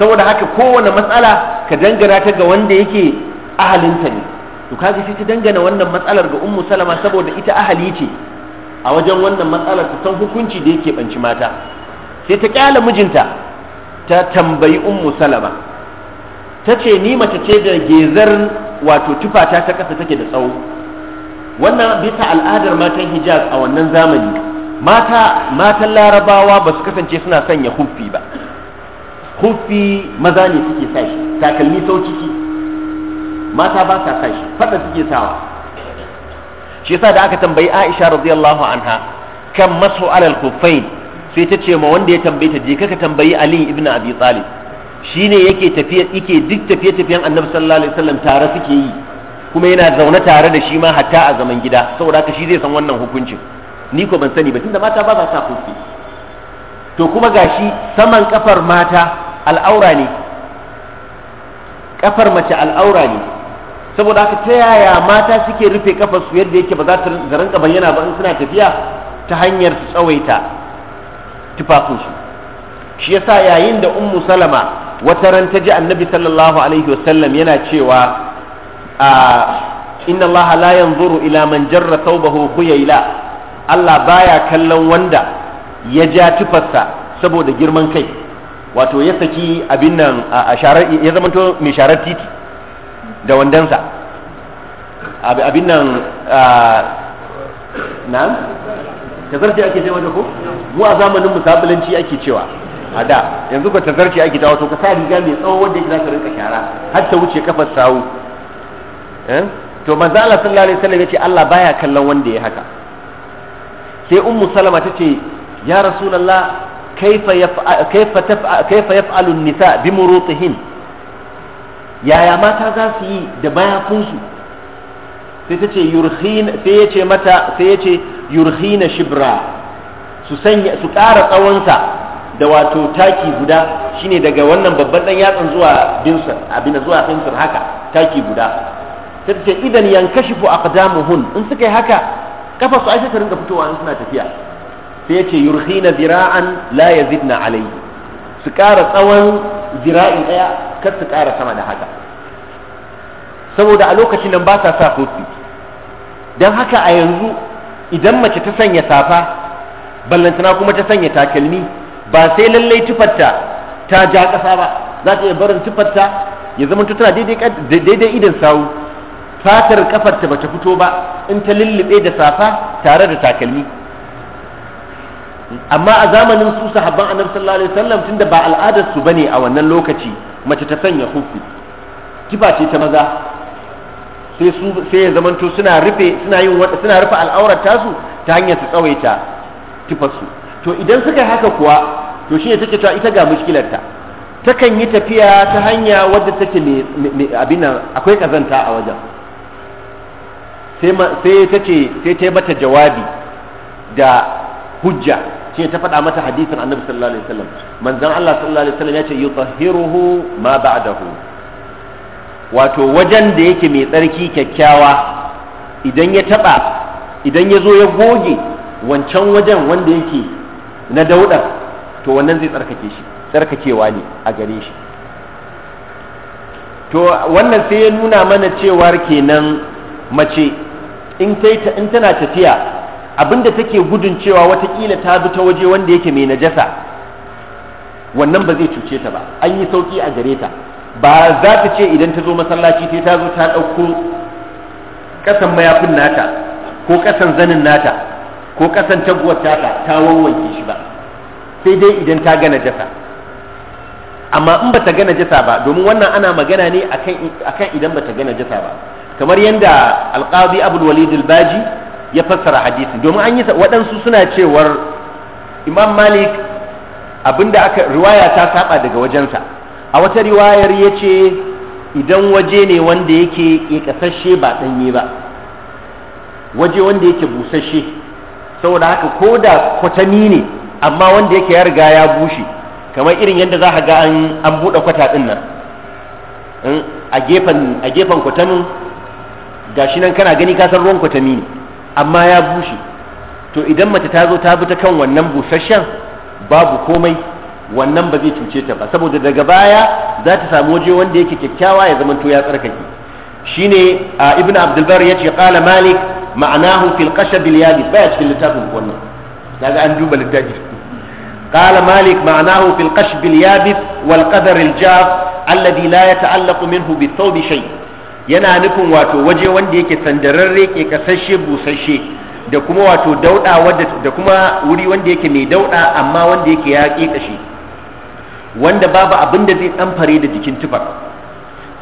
saboda haka kowane matsala ka dangana ta ga wanda yake ahalinta ne to kaga shi ta dangana wannan matsalar ga ummu salama saboda ita ahali ce a wajen wannan matsalar ta san hukunci da yake banci mata sai ta kyala mijinta ta tambayi ummu salama ta ce ni mace ce da gezar wato tufata ta kasa take da tsawo wannan bisa al'adar matan hijaz a wannan zamani mata matan larabawa ba su kasance suna sanya huffi ba Kofi maza ne suke sa shi takalmi sau ciki mata ba sa sa shi fada suke sawa shi yasa da aka tambayi Aisha radiyallahu anha kan masu alal kuffain sai ta ce ma wanda ya tambaye ta je kaka tambayi Ali ibn Abi Talib ne yake tafiya yake duk tafiye tafiyen Annabi sallallahu alaihi wasallam tare suke yi kuma yana zaune tare da shi ma hatta a zaman gida saboda haka shi zai san wannan hukuncin ni ko ban sani ba tunda mata ba sa ta kofi, to kuma gashi saman kafar mata al'aura ne kafar mace al'aura ne saboda haka ta yaya mata suke rufe kafar su yadda yake ba za ta rinka bayyana ba in suna tafiya ta hanyar su tsawaita tufafin su shi yasa yayin da ummu salama wata ran ta ji annabi sallallahu alaihi wasallam yana cewa a inna allaha la yanzuru ila man jarra thawbahu khuyayla Allah baya kallon wanda ya ja tufarsa saboda girman kai wato ya saki abin nan a sharar ya zama to mai sharar titi da wandansa abin nan na tazarci ake cewa ko mu a zamanin musabilanci ake cewa a da yanzu ka tazarci ake ta wato ka sa riga mai tsawo wanda ya zaka rinka shara har ta wuce kafar sawu eh? to manzo Allah sallallahu alaihi wasallam yace Allah baya kallon wanda ya haka sai ummu salama tace ya rasulullah kaifa yaf'alu nisa bi murutihin yaya mata za su yi da bayakunsu sai ta ce sai ya ce su ƙara tsawonsa da wato taki guda shine daga wannan babban ɗan yatsan zuwa binsir abin zuwa binsir haka taki guda ta ce idan yankashifu aqdamuhun in suka yi haka kafa su aisha ta rinka fitowa in suna tafiya sai ya ce na zira'an la na alayhi su ƙara tsawon zira'i ɗaya kar su ƙara sama da haka saboda a lokacin nan ba sa sa kofi don haka a yanzu idan mace ta sanya safa ballantana kuma ta sanya takalmi ba sai lallai tufarta ta ja ƙasa ba za ta iya barin tufarta ya zama tana daidai idan sawu fatar kafarta ta fito ba in ta lullube da safa tare da takalmi amma a zamanin su sahabban annabi sallallahu alaihi wasallam tunda ba al'adar su bane a wannan lokaci mace ta sanya hufi kifa ce ta maza sai su sai ya zamanto suna rufe suna yin suna rufe al'aurar tasu ta hanyar su tsawaita kifar su to idan suka haka kuwa to shine take cewa ita ga mushkilar ta takan yi tafiya ta hanya wadda take me abin nan akwai kazanta a wajen sai ta ce sai ta yi mata jawabi da hujja shi ta faɗa mata hadisin annabi sallallahu alaihi wasallam manzon Allah sallallahu alaihi wasallam ya ce yutahhiruhu ma ba'dahu wato wajen da yake mai tsarki kyakkyawa idan ya taba idan ya zo ya goge wancan wajen wanda yake na dauda to wannan zai tsarkake shi tsarkakewa ne a gare shi to wannan sai ya nuna mana cewar kenan mace in tana tafiya abinda take gudun cewa watakila ta bi ta waje wanda yake mai najasa wannan ba zai cuce ta ba an yi sauki a gare ta ba za ta ce idan ta zo masallaci sai ta zo ta ɗauko ƙasan mayafin nata ko ƙasan zanin nata ko ƙasan taguwar ta, ta wanwanke shi ba sai dai idan ta gana jasa. amma in ba ta ga jasa ba domin wannan ana magana ne akan idan ba ta ga jasa ba kamar yadda alƙazi abul walid al-baji ya fassara hadisi domin an yi waɗansu suna cewar imam malik abinda aka riwaya ta saba daga wajensa a wata riwayar ya ce idan waje ne wanda yake ƙasashe ba ɗanye ba waje wanda yake busashe saboda haka ko da kwatani ne amma wanda yake ya riga ya bushe kamar irin yadda za a ga an buɗe kwata ɗin nan hmm, a gefen kwatanin gashi nan kana gani kasar ruwan kwatami ne amma ya bushe to idan mace ta zo ta bi ta kan wannan busasshen babu komai wannan ba zai cuce ta ba saboda daga baya za ta samu waje wanda yake kyakkyawa ya zamanta ya tsarkake shine ibn abdulbar ya ce qala malik ma'anahu fil qashab al yabis baya cikin littafin wannan daga an duba littafi qala malik ma'anahu fil qashab al yabis wal qadar al jaf alladhi la yata'allaqu minhu bi thawb shay' yana nufin wato waje wanda yake sandararre ke kasashe busasshe da kuma wato dauda wadda da kuma wuri wanda yake mai dauda amma wanda yake ya kashe wanda babu abin da zai tsamfare da jikin tufar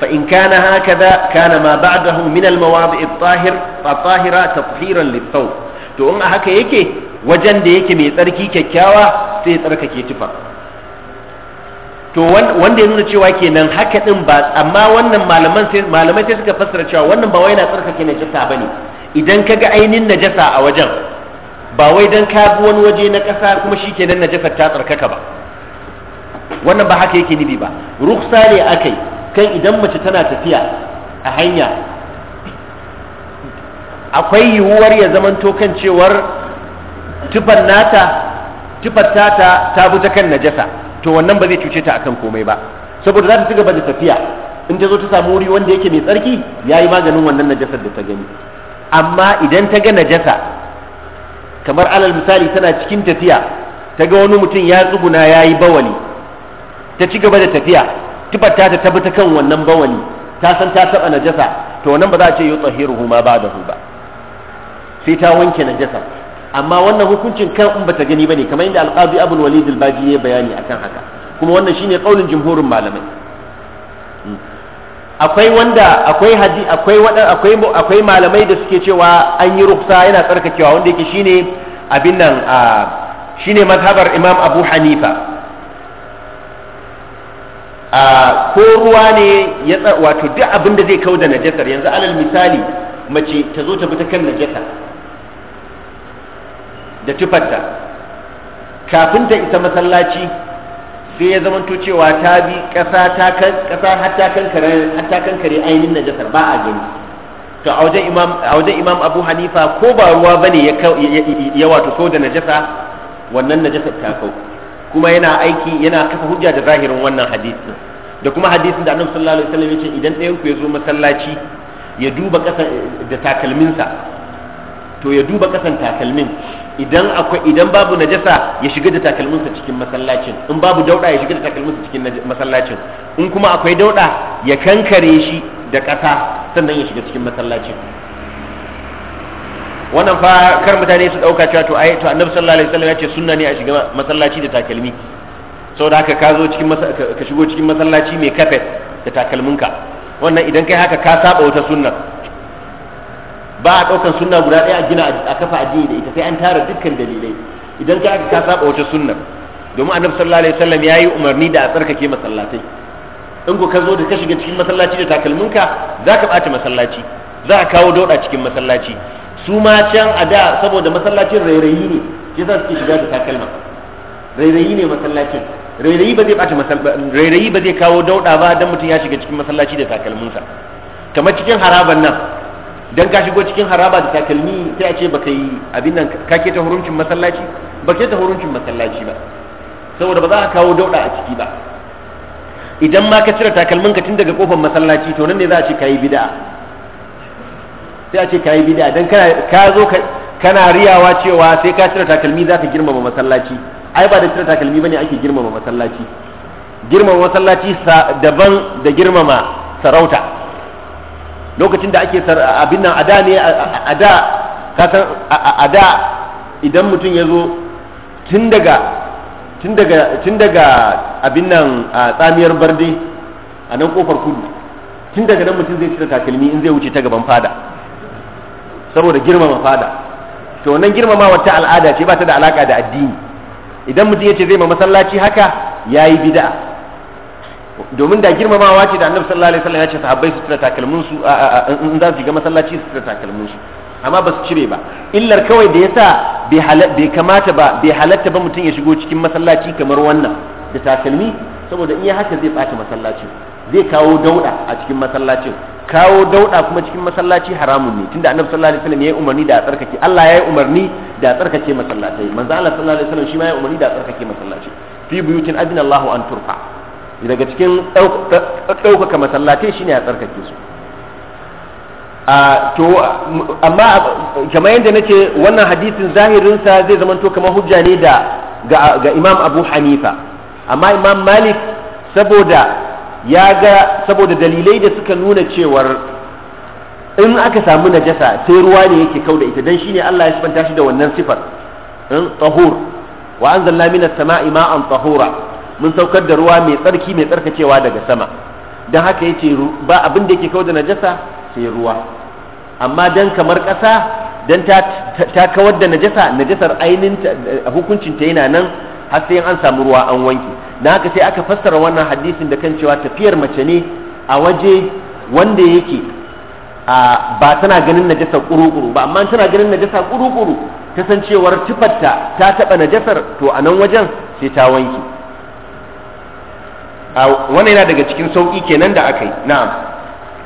fa in kana hakaza kana ma ba'dahu min al mawadi' tahir at-tahira tathiran lit to in haka yake wajen da yake mai tsarki kyakkyawa sai tsarkake tufar to wanda ya nuna cewa kenan haka din ba amma wannan malaman sai malamai sai suka fassara cewa wannan ba wai yana tsarkake najasa bane idan kaga ainin najasa a wajen ba wai dan ka bi wani waje na ƙasa kuma shikenan najasar ta tsarkaka ba wannan ba haka yake nibi ba ruksa ne akai kan idan mace tana tafiya a hanya akwai yiwuwar ya zamanto kan cewar tufar nata tufar tata ta bi ta kan najasa to wannan ba zai cuce ta akan komai ba saboda za ta ci gaba da tafiya in ta zo ta samu wuri wanda yake mai tsarki ya yi maganin wannan najasar da ta gani amma idan ta ga najasa kamar alal misali tana cikin tafiya ta ga wani mutum ya tsuguna ya yi bawali ta ci gaba da tafiya tufarta ta tabi ta kan wannan bawali ta san ta taɓa najasa to wannan ba za a ce yi tsahiru ma ba da ba sai ta wanke najasa amma wannan hukuncin kan in bata gani bane kamar inda alqazi abul walid al-baji ya bayani akan haka kuma wannan shine kaulin jumhurin malamai hmm. akwai wanda akwai hadi akwai wada akwai akwai malamai da suke cewa an yi ruksa yana tsarkakewa wanda yake shine abin nan shine mazhabar imam abu hanifa a ko ruwa ne ya wato duk abin da zai kauda najasar yanzu alal misali mace ta zo ta bi ta kan najasa da tufarta kafin ta isa masallaci sai ya zamanto cewa ta bi ƙasa ta kan ƙasa hatta kan kare hatta kan kare ainihin najasar ba a gani to a wajen imam a wajen imam Abu Hanifa ko ba ruwa bane ya ya wato ko da najasa wannan najasar ta kau kuma yana aiki yana kafa hujja da zahirin wannan hadisin da kuma hadisin da Annabi sallallahu alaihi wasallam ya ce idan ɗayan ku ya zo masallaci ya duba ƙasa da takalminsa to ya duba ƙasan takalmin idan akwai idan babu najasa ya shiga da takalminsa cikin masallacin in babu dauda ya shiga da takalminsa cikin masallacin in kuma akwai dauda ya kankare shi da ƙasa sannan ya shiga cikin masallacin wannan fa kar mutane su dauka cewa to ai to annabi sallallahu alaihi wasallam ya ce sunna ne a shiga masallaci da takalmi saboda haka ka zo cikin ka shigo cikin masallaci mai kafet da takalminka wannan idan kai haka ka saba wata sunna ba a ɗaukan sunna guda ɗaya a gina a kafa addini da ita sai an tara dukkan dalilai idan ka ka saba wata sunna domin annabi sallallahu alaihi wasallam yayi umarni da a tsarkake masallatai in ku ka zo da ka shiga cikin masallaci da takalminka za ka ɓata masallaci za a kawo dauɗa cikin masallaci su ma can a da saboda masallacin rairayi ne ke za su ke shiga da takalma rairayi ne masallacin rairayi ba zai ɓata rairayi ba zai kawo dauɗa ba dan mutum ya shiga cikin masallaci da takalminsa kamar cikin haraban nan dan ka shigo cikin haraba da takalmi sai a ce baka yi abin nan ka ke ta huruncin masallaci ba ke ta huruncin masallaci ba saboda ba za a kawo dauda a ciki ba idan ma ka cire takalmin ka tun daga kofar masallaci to nan ne za a ce kayi bid'a sai a ce kayi bid'a dan kana ka zo kana riyawa cewa sai ka cire takalmi za ka girmama masallaci ai ba da cire takalmi bane ake girmama masallaci girmama masallaci daban da girmama sarauta lokacin da ake abin nan ada ne ada ada idan mutum ya zo tun daga tun daga tun daga abin nan a tsamiyar barde a nan kofar kudu tun daga nan mutum zai cire takalmi in zai wuce ta gaban fada saboda girmama fada to wannan girmama wata al'ada ce ba ta da alaka da addini idan mutum ya ce zai ma masallaci haka yayi bid'a domin da girmamawa ce da annabi sallallahu alaihi wasallam ya ce sahabbai su tura takalmin su in za su shiga masallaci su tura takalmin su amma ba su cire ba illar kawai da yasa bai kamata ba bai halatta ba mutum ya shigo cikin masallaci kamar wannan da takalmi saboda in ya haka zai bata masallaci zai kawo dauda a cikin masallacin kawo dauda kuma cikin masallaci haramun ne tunda annabi sallallahu alaihi wasallam ya yi umarni da a tsarkake Allah ya yi umarni da a tsarkake masallatai manzo Allah sallallahu alaihi wasallam shi ma ya yi umarni da a tsarkake masallaci fi buyutin adina Allahu an turfa daga cikin ɗaukaka masallatai shine a tsarkake su to amma kamar yadda nace wannan hadisin zahirinsa zai zamanto kamar hujja ne da ga imam abu hanifa amma imam malik saboda ya ga saboda dalilai da suka nuna cewar in aka samu najasa sai ruwa ne yake da ita dan shine Allah ya sifanta shi da wannan sifar hmm, tahur wa zalla minas sama'i ma'an tahura mun saukar da ruwa mai tsarki mai tsarkacewa daga sama don haka ya ce ba abin da yake kawo da najasa sai ruwa amma don kamar ƙasa don ta kawar da najasa najasar ainihin hukuncin ta yana nan har sai an samu ruwa an wanke don haka sai aka fassara wannan hadisin da kan cewa tafiyar mace ne a waje wanda yake ba tana ganin najasa kuru-kuru ba amma tana ganin najasa kuru-kuru kasancewar tufarta ta taɓa najasar to a nan wajen sai ta wanke wannan yana daga cikin sauki kenan da aka yi na'am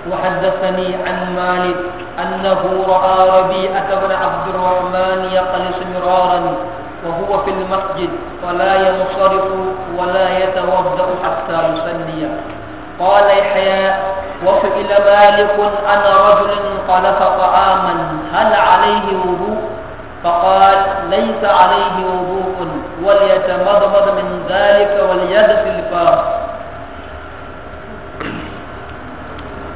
وحدثني عن مالك أنه رأى ربيعة بن عبد الرحمن يقلص مرارا وهو في المسجد فلا ينصرف ولا يتوضأ حتى يصلي قال يحيى وسئل مالك عن رجل قلف طعاما هل عليه وضوء فقال ليس عليه وضوء وليتمضمض من ذلك وليغسل فاه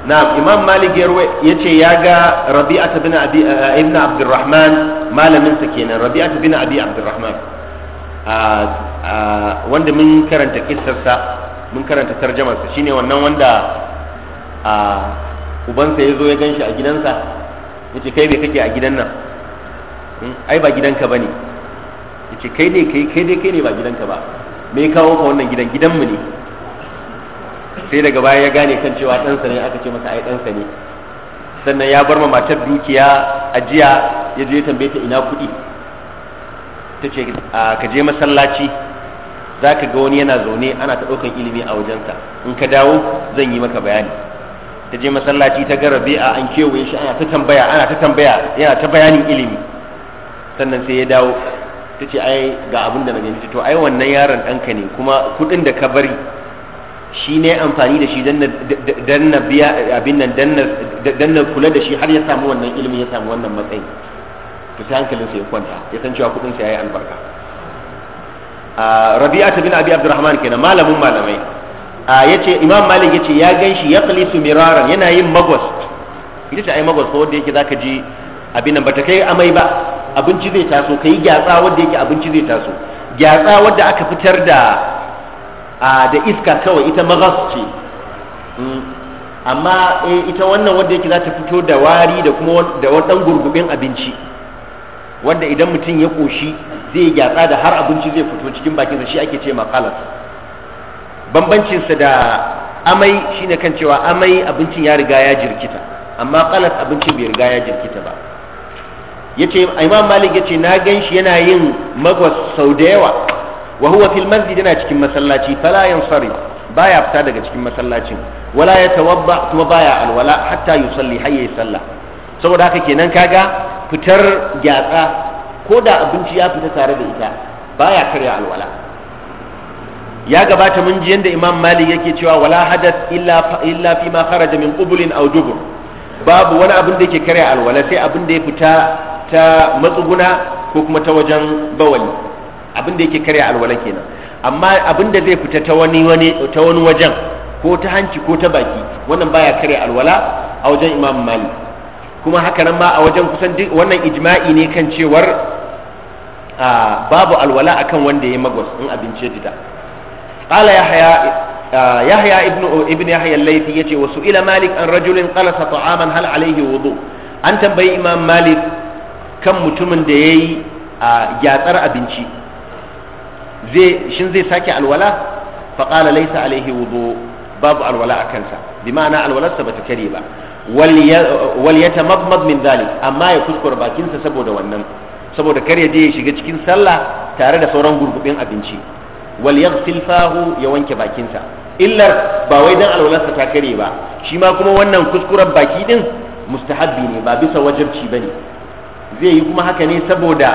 Na imam malik ya ce ya ga rabi'at bin abi eh, eh, ibn abdurrahman malamin sa kenan rabi'at bin abi abdurrahman ah, ah, wanda mun karanta kissarsa mun karanta tarjamarsa ne wannan wanda ah, ubansa ya zo ya ganshi a gidansa Ya ce kai bai kake a gidan nan hmm, ai ba gidanka bane yace kai ne kai kai dai kai ne ba gidanka ba me kawo ka wannan gidan gidanmu ne sai daga baya ya gane kan cewa ɗansa ne aka ce masa ai ɗansa ne sannan ya bar ma matar dukiya ajiya ya je tambaye ta ina kuɗi ta ce ka je masallaci za ka ga wani yana zaune ana ta ɗaukan ilimi a wajensa in ka dawo zan yi maka bayani ta je masallaci ta ga a an kewaye shi ana ta tambaya ana ta tambaya yana ta bayanin ilimi sannan sai ya dawo ta ce ai ga abin da na gani to ai wannan yaron ɗanka ne kuma kuɗin da ka bari shi ne amfani da shi don na biya abin nan dan na kula da shi har ya samu wannan ilimin ya samu wannan matsayi to sai hankalinsa ya kwanta ya san cewa kudinsa ya yi albarka ta bin abi abdurrahman kenan malamin malamai ya ce imam malik ya ce ya gan shi ya su miraran yana yin magwas ita ce ai magwas ko wanda yake zaka ji abin nan bata kai amai ba abinci zai taso kai gyatsa wanda yake abinci zai taso gyatsa wanda aka fitar da da iska kawai ita magas ce mm. amma eh, ita wannan wanda yake za ta fito da wari da kuma da wadan gurgubin abinci wanda idan mutum ya koshi zai gyatsa da har abinci zai fito cikin bakinsa shi ake ce makalas bambancinsa da amai shine kan cewa amai abincin ya riga ya jirkita amma kalas abincin bai riga ya jirkita ba yace imam malik yace na gan shi yana yin magwas sau da yawa wa huwa fil masjid yana cikin masallaci fala yansari baya fita daga cikin masallacin wala ya tawabba kuma baya alwala hatta yusalli hayya sallah saboda haka kenan kaga fitar gyatsa ko da abinci ya fita tare da ita baya karya alwala ya gabata mun ji yanda imam malik yake cewa wala hadath illa illa fi ma kharaja min qublin aw dubur babu wani abin da yake karya alwala sai abin da ya fita ta matsuguna ko kuma ta wajen bawali abin da yake karya alwala kenan amma abin da zai fita ta wani wani ta wani wajen ko ta hanci ko ta baki wannan baya karya alwala a wajen imam malik kuma haka nan ma a wajen kusan duk wannan ijma'i ne kan cewar babu alwala akan wanda ya magwas in abinci ya fita qala yahya yahya ابن ibnu yahya al-laythi yace wa su'ila malik an rajulin qalasa ta'aman hal alayhi wudu an tambayi imam malik kan mutumin da yayi gyatsar abinci zai shin zai sake alwala fa qala laysa alaihi wudu babu alwala a kansa bi ma'ana alwalarsa bata kare ba wal yatamammad min dhalik amma ya kuskura bakinsa saboda wannan saboda kar ya je ya shiga cikin sallah tare da sauran gurgubin abinci wal yaghsil fahu ya wanke bakinsa illar ba wai dan alwalarsa ta kare ba shi ma kuma wannan kuskuren baki din mustahabbi ne ba bisa wajabci bane zai yi kuma haka ne saboda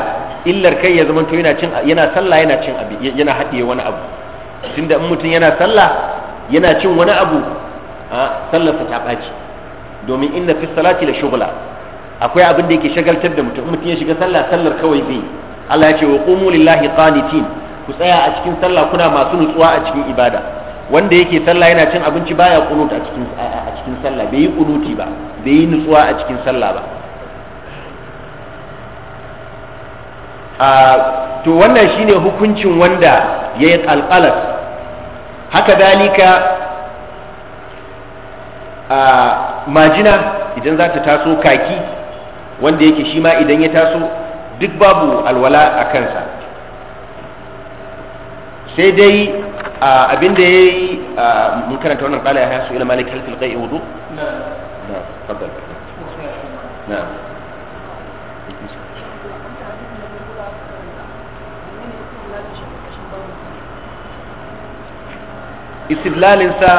illar kai ya to yana cin yana sallah yana cin abu yana haɗiye wani abu tunda in mutum yana sallah yana cin wani abu sallarsa ta ɓaci domin inna fi salati la shughla akwai abin da yake shagaltar da mutum mutum ya shiga sallah sallar kawai zai Allah ya ce wa qumu lillahi qanitin ku tsaya a cikin sallah kuna masu nutsuwa a cikin ibada wanda yake sallah yana cin abinci baya kunuta a cikin a cikin sallah bai yi kunuti ba bai yi nutsuwa a cikin sallah ba to wannan shine hukuncin wanda ya yi haka dalika majina idan za ta taso kaki wanda yake shi ma idan ya taso duk babu alwala a kansa sai dai abin da ya yi mun karanta wannan kala ya hasu ila malik halkil wudu na na istidlalinsa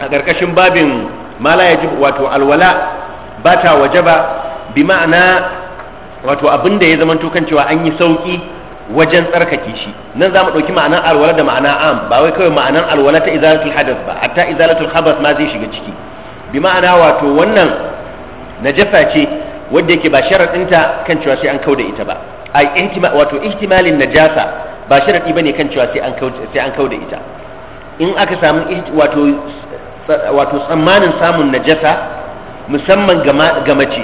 a ƙarƙashin babin mala ya ji wato alwala ba ta waje ba bi ma'ana wato abin da ya zama kan cewa an yi sauƙi wajen tsarkake shi nan za mu ɗauki ma'anar alwala da ma'ana am ba wai kawai ma'anar alwala ta izalatul hadas ba hatta izalatul habas ma zai shiga ciki bi ma'ana wato wannan najasa ce wadda yake ba sharaɗinta kan cewa sai an kauda ita ba ai wato ihtimalin najasa ba sharaɗi bane kan cewa sai an kauda ita in aka samu wato wato tsammanin samun najasa musamman ga mace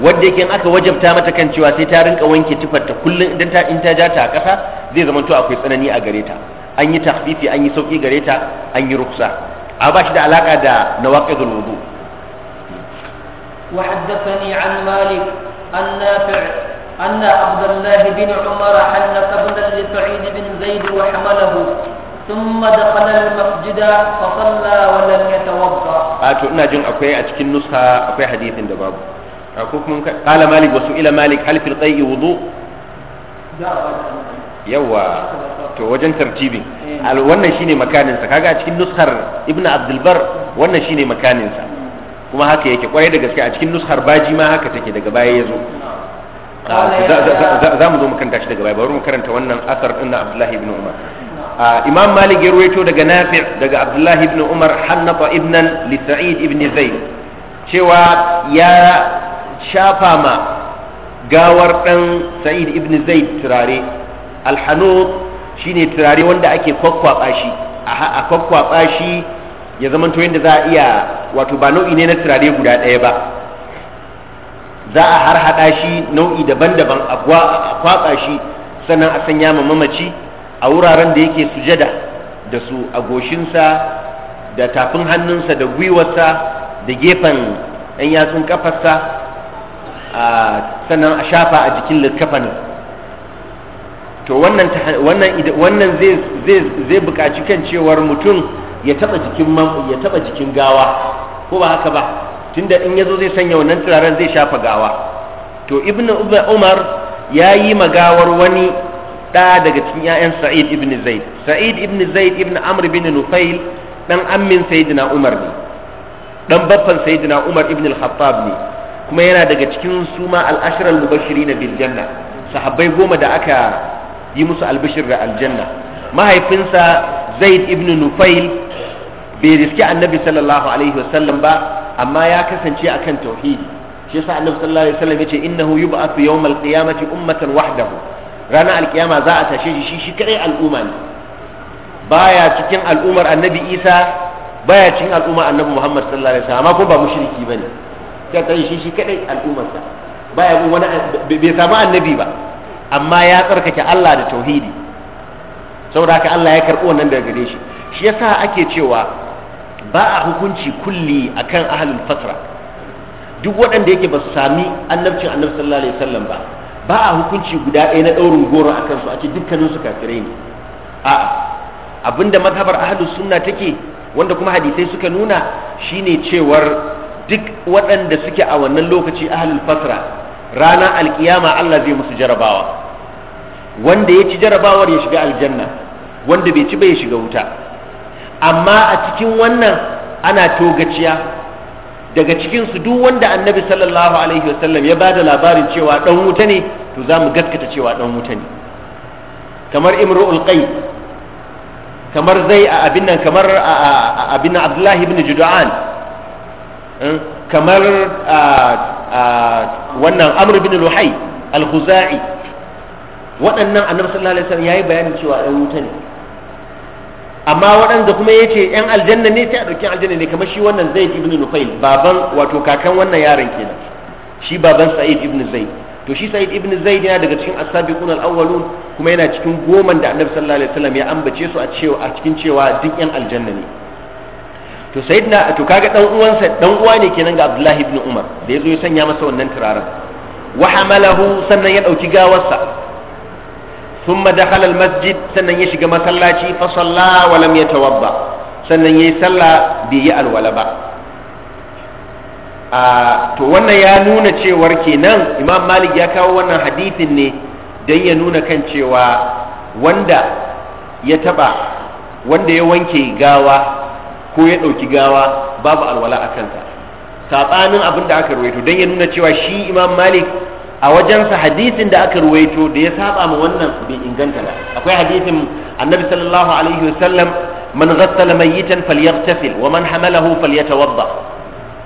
wadda yake aka wajabta mata kan cewa sai ta rinka wanke tufarta kullum idan ta in ta ja ta a ƙasa zai zama to akwai tsanani a gare ta an yi tahfifi an yi sauki gare ta an yi ruksa a ba shi da alaka da nawaqidul wudu وحدثني عن مالك عن نافع أن عبد الله بن عمر حنك ابنا لسعيد بن زيد وحمله ثم دخل المسجد فصلى ولم يتوضا اتو ina jin akwai a cikin nusa akwai hadisin da babu ko kuma kala malik wasu ila malik hal fil qayyi wudu yawa to wajen tartibi wannan shine makanin sa kaga a cikin nushar ibnu abdul bar wannan shine makanin sa kuma haka yake kwarai da gaske a cikin nushar baji ma haka take daga baya yazo za mu zo mu kanta shi daga baya bari mu karanta wannan asar din na abdullahi ibn umar imam malik ya ruwaito daga nafi' daga abdullah ibn umar hannata ibnan li sa'id ibn zaid cewa ya shafa ma gawar dan sa'id ibn zaid turare alhanu shine turare wanda ake kwakwaba shi a kwakwaba shi ya zamanto yadda za a iya wato ba nau'i ne na turare guda ɗaya ba za a har haɗa shi nau'i daban-daban a kwaɓa shi sannan a sanya ma mamaci a wuraren da yake sujada da su a goshinsa da tafin hannunsa da gwiwarsa da gefen ɗan yatsun kafarsa sannan a shafa a jikin littafin to wannan wannan zai buƙaci kan cewar mutum ya taɓa jikin gawa ko ba haka ba tunda in yazo zai sanya wannan turaren zai shafa gawa to ibnu umar ya yi magawar wani ɗa daga cikin 'ya'yan sa'id ibn zaid sa'id ibn zaid ibn amr bin nufail dan ammin sayyidina umar ne dan baffan sayyidina umar ibn al-khattab ne kuma yana daga cikin suma al-ashra al-mubashirin bil janna sahabbai goma da aka yi musu albishir da aljanna mahaifinsa zaid ibn nufail bai riski annabi sallallahu alaihi wasallam ba amma ya kasance akan tauhidi shi yasa annabi sallallahu alaihi wasallam yace innahu yub'athu yawmal qiyamati ummatan wahdahu ranar alkiyama za a tashe shi shi kadai al'umma ne baya cikin al'ummar annabi isa baya cikin al'ummar annabi muhammad sallallahu alaihi wasallam amma ko ba mushriki bane sai kai shi shi kadai al'ummar sa baya bin wani bai samu annabi ba amma ya tsarkake Allah da tauhidi saboda haka Allah ya karɓi wannan daga gare shi shi yasa ake cewa ba a hukunci kulli akan ahlul fatra duk waɗanda yake ba su sami annabcin annabi sallallahu alaihi wasallam ba ba a hukunci guda ɗaya na ɗaurin goro a kansu a ce dukkaninsu kafirai ne a'a abinda mazhabar ahlus sunna take wanda kuma hadisai suka nuna shine cewar duk waɗanda suke a wannan lokaci ahlul fasra rana alkiyama Allah zai musu jarabawa wanda ya ci jarabawar ya shiga aljanna wanda bai ci bai ya shiga wuta amma a cikin wannan ana togaciya daga cikin su duk wanda annabi sallallahu alaihi wasallam ya bada labarin cewa dan wuta ne to za mu gaskata cewa dan wuta ne kamar imru'ul qais kamar zai a abin nan kamar a abin abdullahi ibn judu'an eh, kamar wannan amr ibn luhai al-khuzai waɗannan annabi sallallahu alaihi wasallam yayi bayanin cewa dan wuta ne amma waɗanda kuma ya ce ‘yan aljanna ne sai a ɗauki aljanna ne kamar shi wannan zaid ibn nufail baban wato kakan wannan yaron kenan shi baban sa'id ibn zaid to shi sa'id ibn zaid yana daga cikin asabiqun al-awwalun kuma yana cikin goman da annabi sallallahu alaihi wasallam ya ambace su a cewa a cikin cewa duk ƴan aljanna ne to sayyidina to kaga dan uwansa dan uwa ne kenan ga abdullahi ibn umar da yazo ya sanya masa wannan turaren wa hamalahu sannan ya ɗauki gawarsa ثم دخل المسجد سنن يشق مسلاتي فصلى ولم يتوضا سنن يصلى بي الولا با to wannan ya nuna cewar kenan imam malik ya kawo wannan hadithin ne don ya nuna kan cewa wanda ya taba wanda ya wanke gawa ko ya ɗauki gawa babu alwala a kansa saɓanin abin da aka ruwaito don ya nuna cewa shi imam malik a wajensa hadisin da aka ruwaito da ya saba ma wannan su bai inganta da akwai hadisin annabi sallallahu alaihi wasallam man ghassala mayitan falyaghtasil wa man hamalahu falyatawadda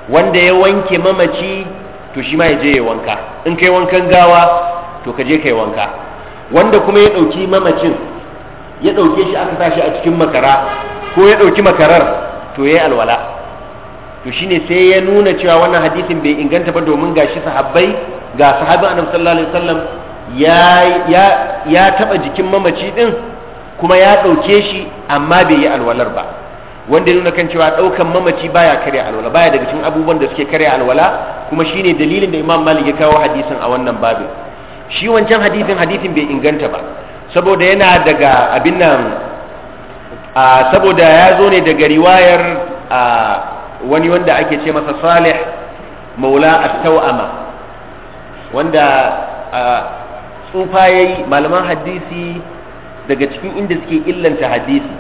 wanda ya wanke mamaci to shi ma ya je ya wanka in kai wankan gawa to ka je kai wanka wanda kuma ya dauki mamacin ya dauke shi aka sa shi a cikin makara ko ya dauki makarar to yayi alwala to shine sai ya nuna cewa wannan hadisin bai inganta ba domin gashi sahabbai ga sahabin annabi sallallahu alaihi wasallam ya ya ya taba jikin mamaci din kuma ya dauke shi amma bai yi alwalar ba wanda nuna kan cewa daukan mamaci baya karya alwala baya daga cikin abubuwan da suke karya alwala kuma shine dalilin da Imam Malik ya kawo hadisin a wannan babin shi wancan hadisin hadisin bai inganta ba saboda yana daga abin nan saboda ya zo ne daga riwayar wani wanda ake ce masa Salih maula at-tawama wanda tsufa ya yi malaman hadisi daga cikin inda suke illanta hadisi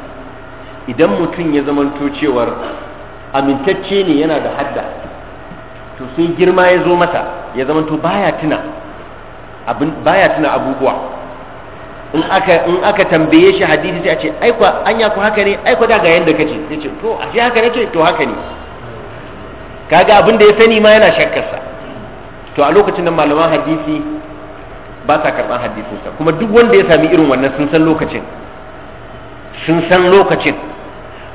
idan mutum ya zama cewar amintacce ne yana da hadda to sai girma ya zo mata ya zama to tuna baya tuna abubuwa in aka in aka tambaye shi hadisi sai a ce ai kwa anya ku haka ne ai kwa da ga yanda kace sai ce to ashe haka nake to haka ne kaga abin da ya sani ma yana shakkar sa to a lokacin nan malaman hadisi ba sa karɓar hadisinsa kuma duk wanda ya sami irin wannan sun san lokacin sun san lokacin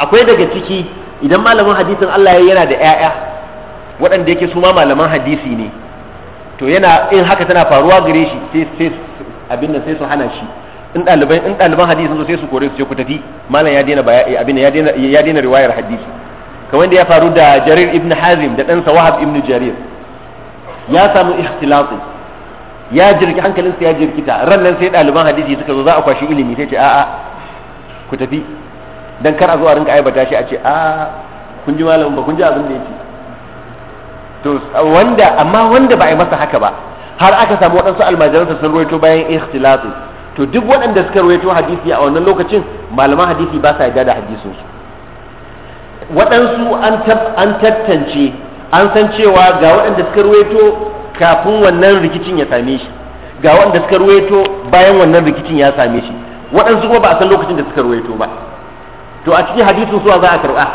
akwai daga ciki idan malaman hadisin Allah ya yana da 'ya'ya waɗanda yake su ma malaman hadisi ne to yana in haka tana faruwa gare shi sai sai abin nan sai su hana shi in ɗaliban in ɗaliban hadisin sai su kore su ce ku tafi malam ya daina abin ya daina ya daina riwayar hadisi kamar da ya faru da Jarir ibn Hazim da ɗansa Wahab ibn Jarir ya samu ikhtilafi ya jirki hankalinsa ya jirkita ran nan sai ɗaliban hadisi suka zo za a kwashi ilimi sai ce a'a ku tafi dan kar a zo a rinka aibata shi a ce a kun ji malamin ba kun ji abin da yake to wanda amma wanda ba a yi masa haka ba har aka samu waɗansu almajiransa sun ruwaito bayan ikhtilafi to duk waɗanda suka ruwaito hadisi a wannan lokacin malaman hadisi ba sa yarda da hadisinsu waɗansu an tattance an san cewa ga waɗanda suka ruwaito kafin wannan rikicin ya same shi ga waɗanda suka ruwaito bayan wannan rikicin ya same shi waɗansu kuma ba a san lokacin da suka ruwaito ba to a cikin hadisin suwa za a karɓa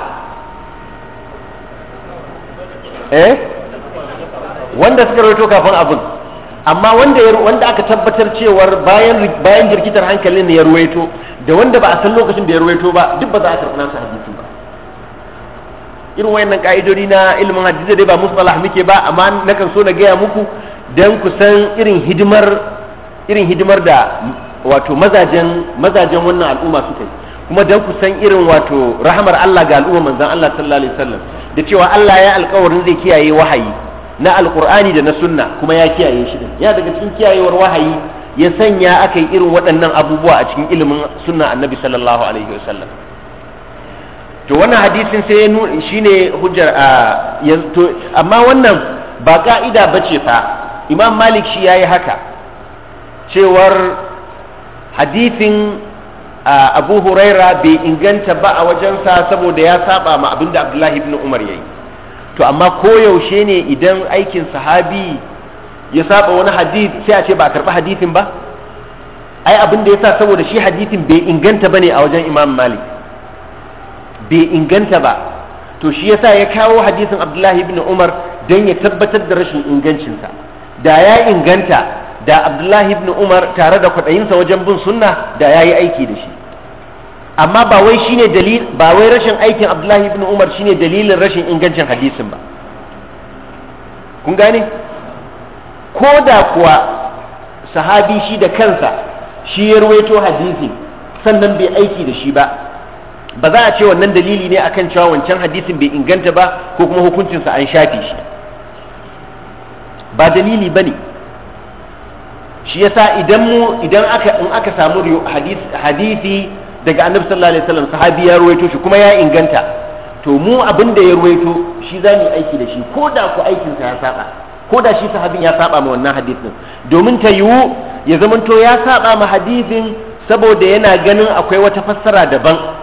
eh wanda suka ruwaito kafin abin amma wanda wanda aka tabbatar cewar bayan bayan jirkitar hankalin ne ya ruwaito da wanda ba a san lokacin da ya ruwaito ba duk ba za a karɓi nasu hadisi irin wayannan ka'idodi na ilimin hadisi dai ba mustalah muke ba amma nakan so na gaya muku dan ku san irin hidimar irin hidimar da wato mazajen mazajen wannan al'umma suka yi kuma dan ku san irin wato rahamar Allah ga al'umma manzon Allah sallallahu alaihi wasallam da cewa Allah ya alƙawarin zai kiyaye wahayi na alƙur'ani da na sunna kuma ya kiyaye shi din ya daga cikin kiyayewar wahayi ya sanya aka yi irin waɗannan abubuwa a cikin ilimin sunna annabi sallallahu alaihi wasallam to wannan hadisin sai ya nuna ne hujjar a to amma wannan ba ka'ida ce fa imam malik shi ya yi haka cewar hadisin abu huraira bai inganta ba a wajensa saboda ya saba ma abinda abdullahi ibn umar yi. to amma koyaushe ne idan aikin sahabi ya saba wani hadith sai a ce ba a karɓi hadisin ba ai abin da ya sa saboda shi hadisin bai inganta ba ne a wajen imam malik bai inganta ba to shi yasa ya kawo hadisin abdullahi ibn umar don ya tabbatar da rashin ingancinsa da ya inganta da abdullahi ibn umar tare da kwaɗayinsa wajen bin sunna da ya yi aiki da shi amma ba wai shine dalil ba wai rashin aikin abdullahi ibn umar shine dalilin rashin ingancin hadisin ba kun gane ko da kuwa sahabi shi da kansa shi ya ruwaito hadisi sannan bai aiki da shi ba ba za a ce wannan dalili ne akan cewa wancan hadisin bai inganta ba ko kuma hukuncinsa an shafe shi ba dalili ba ne shi yasa idan mu idan aka in aka samu hadisi daga annabi sallallahu alaihi wasallam sahabi ya ruwaito shi kuma ya inganta to mu abin da ya ruwaito shi za mu aiki da shi ko da ku aikinsa ya saba ko da shi sahabin ya saba ma wannan hadisin domin ta yiwu ya zamanto ya saba ma hadisin saboda yana ganin akwai wata fassara daban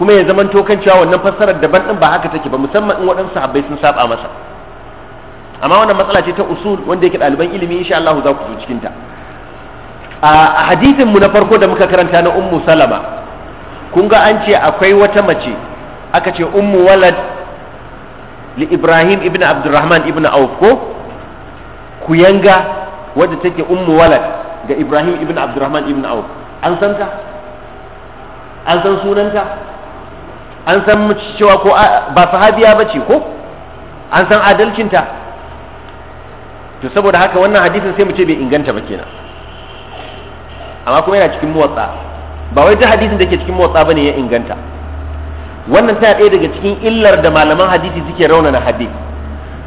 kuma ya zaman tokan cewa wannan fassarar daban din ba haka take ba musamman in waɗansu sahabbai sun saba masa amma wannan matsala ce ta usul wanda yake ɗaliban ilimi insha Allah za ku zo cikin ta a hadisin mu na farko da muka karanta na ummu salama kun ga an ce akwai wata mace aka ce ummu walad li ibrahim ibn abdurrahman ibn auf ko ku yanga wadda take ummu walad ga ibrahim ibn abdurrahman ibn auf an san ta an san sunanta an san cewa ko ba sahabiya bace ko an san adalcinta to saboda haka wannan hadisin sai mu ce bai inganta ba kenan amma kuma yana cikin motsa ba wai ta hadisin da ke cikin motsa bane ya inganta wannan tana ɗaya daga cikin illar da malaman hadisi suke raunana hadisi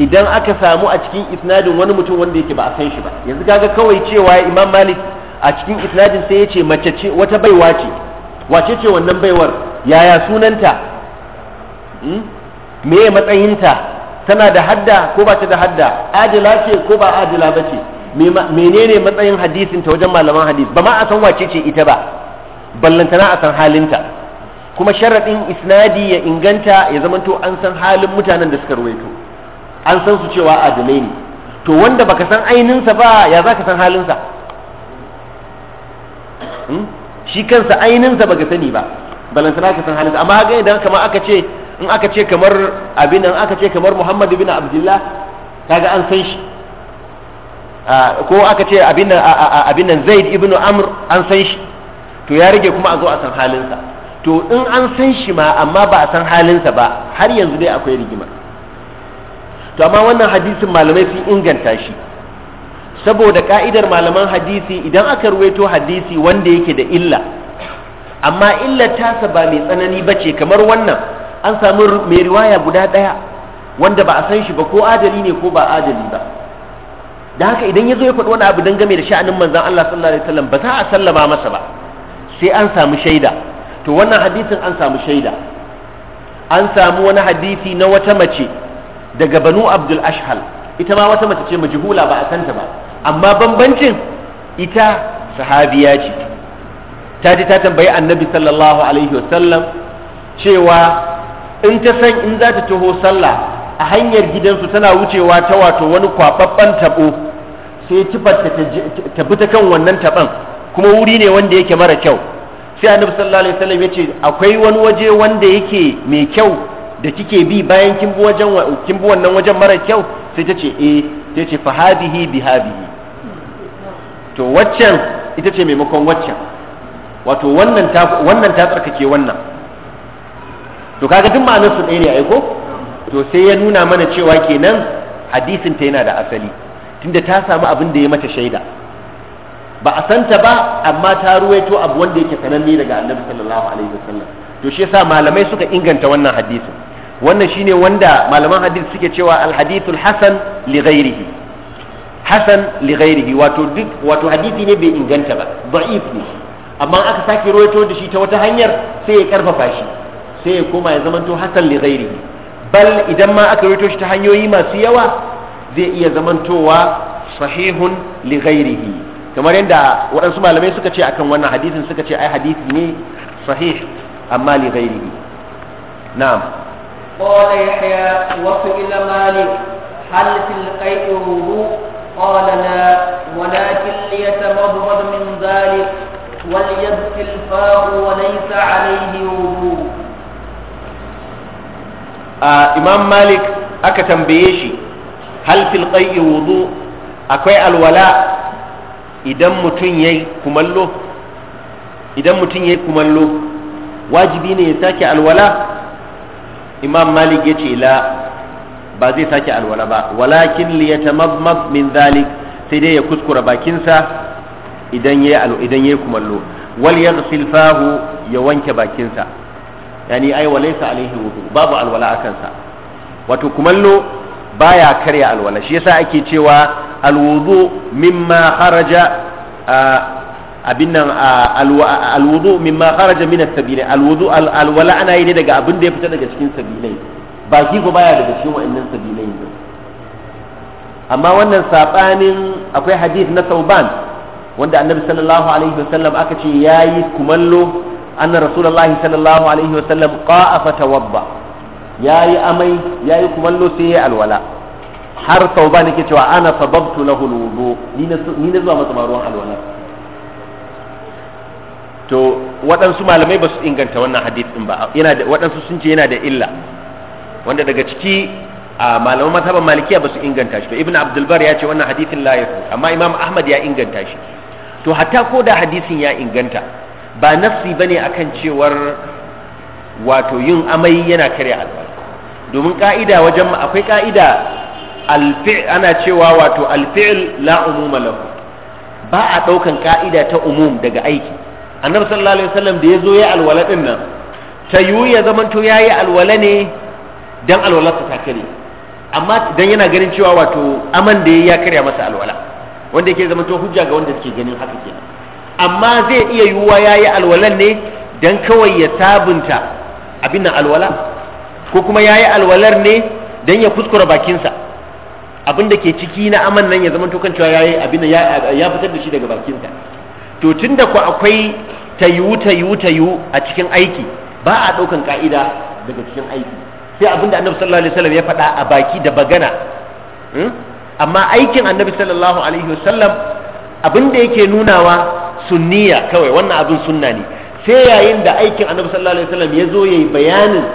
idan aka samu a cikin isnadin wani mutum wanda yake ba a san shi ba yanzu kaga kawai cewa imam malik a cikin isnadin sai ya ce mace ce wata baiwa ce wace ce wannan baiwar yaya sunanta Hmm? meye matsayinta tana da hadda ko ba ta da hadda adila ce ko ba adila ba ce menene matsayin hadisin ta wajen malaman hadis ba ma a san wace ce ita ba ballantana a san halinta kuma sharaɗin isnadi ya inganta ya zamanto an san halin mutanen da suka ruwaito an san su cewa adilai ne to wanda baka san aininsa ba ya za ka san halinsa hmm? shi kansa aininsa baka sani ba ballantana ka san halinsa amma haka idan kama aka ce in aka ce kamar abin nan aka ce kamar Muhammad ibn Abdullah kaga an san shi ko aka ce abin nan abin nan Zaid ibn Amr an san shi to ya rage kuma a zo a san halin sa to in an san shi ma amma ba a san halin sa ba har yanzu dai akwai rigima to amma wannan hadisin malamai sun inganta shi saboda ka'idar malaman hadisi idan aka ruwaito hadisi wanda yake da illa amma illar tasa ba mai tsanani bace kamar wannan an samu mai riwaya guda ɗaya wanda ba a san shi ba ko adali ne ko ba adali ba da haka idan ya zo ya faɗi wani abu game da sha'anin manzan Allah sallallahu alaihi wasallam ba za a sallama masa ba sai an samu shaida to wannan hadisin an samu shaida an samu wani hadisi na wata mace daga banu abdul ashhal ita ma wata mace ce majhula ba a santa ba amma bambancin ita sahabiya ce ta ji ta tambayi annabi sallallahu alaihi wasallam cewa in ta san in za ta taho sallah a hanyar gidansu tana wucewa ta wato wani kwababban tabo sai tufarta ta bi ta kan wannan taban kuma wuri ne wanda yake mara kyau sai annabi sallallahu alaihi wasallam yace akwai wani waje wanda yake mai kyau da kike bi bayan kin bi wajen kin bi wannan wajen mara kyau sai ta ce eh sai ce fahadihi bihadihi to waccan ita ce maimakon waccan wato wannan ta wannan ta tsarkake wannan to kaga duk ma'anar su ɗaya ne ai ko to sai ya nuna mana cewa kenan hadisin ta yana da asali tunda ta samu abin da ya mata shaida ba a santa ba amma ta ruwaito abu wanda yake sananne daga annabi sallallahu alaihi wasallam to shi yasa malamai suka inganta wannan hadisin wannan shine wanda malaman hadisi suke cewa alhadithul hasan li ghairihi hasan li ghairihi wato duk wato hadisi ne bai inganta ba da'if ne amma aka sake ruwaito da shi ta wata hanyar sai ya karfafa shi sai ya koma ya zamanto hasan li ghairi bal idan ma aka rito shi ta hanyoyi masu yawa zai iya zamantowa sahihun li ghairihi kamar yadda waɗansu malamai suka ce akan wannan hadisin suka ce ai hadisi ne sahih amma li ghairihi na'am qala yahya wa ila malik hal fil qai'i قال لا ولكن ليتمضمض من ذلك وليبكي الفاء وليس عليه وضوء imam malik aka tambaye shi hal fil qai wudu akwai alwala idan mutum yayi kumallo idan mutum yayi kumallo wajibi ne ya sake alwala imam malik ya ce la ba zai sake alwala ba walakin li yatamammad min zalik sai dai ya kuskura bakinsa idan yayi idan yayi kumallo wal yaghsil fahu ya wanke bakinsa yani ai walaysa alaihi wudu babu alwala akan sa wato kumallo baya karya alwala shi yasa ake cewa alwudu mimma kharaja abin nan alwudu mimma kharaja min as-sabilai alwudu alwala ana yi ne daga abin da ya fita daga cikin sabilai baki ko baya daga cikin wa'annan sabilai ne amma wannan sabanin akwai hadith na sauban wanda annabi sallallahu alaihi wasallam aka ce yayi kumallo anna rasulullahi sallallahu alaihi wasallam qa'a fatawadda yayi amai yayi kumallo sai yayi alwala har sau ba nake cewa ana sababtu na alwudu ni na zuwa masa ruwan alwala to waɗansu malamai ba su inganta wannan hadith din ba yana da waɗansu sun ce yana da illa wanda daga ciki a malaman mazhaban malikiya ba su inganta shi to ibn Abdulbar ya ce wannan hadithin la amma imam ahmad ya inganta shi to hatta ko da hadisin ya inganta ba nafsi bane akan cewar wato yin amai yana karya alwala domin ka'ida wajen akwai ka'ida ana cewa wato alfi'il la umuma lahu ba a daukan ka'ida ta umum daga aiki annabi sallallahu alaihi wasallam da yazo ya alwala din nan ta yiwu ya to yayi alwala ne dan alwalarsa ta kare amma dan yana ganin cewa wato aman da yayi ya karya masa alwala wanda yake to hujja ga wanda suke ganin haka kenan amma zai iya yiwuwa ya yi alwalan ne don kawai ya sabunta abin alwala ko kuma ya yi alwalar ne don ya kuskura bakinsa abin da ke ciki na aman nan ya zama tokan cewa ya yi abin ya fitar da shi daga bakinsa to tun da ku akwai ta yiwu ta yiwu a cikin aiki ba a ɗaukan ka'ida daga cikin aiki sai abin da annabi sallallahu alaihi wasallam ya faɗa a baki da bagana hmm? amma aikin annabi sallallahu alaihi wasallam abin da yake nunawa sunniya kawai wannan abin sunna ne sai yayin da aikin annabi sallallahu alaihi wasallam ya zo ya yi bayanin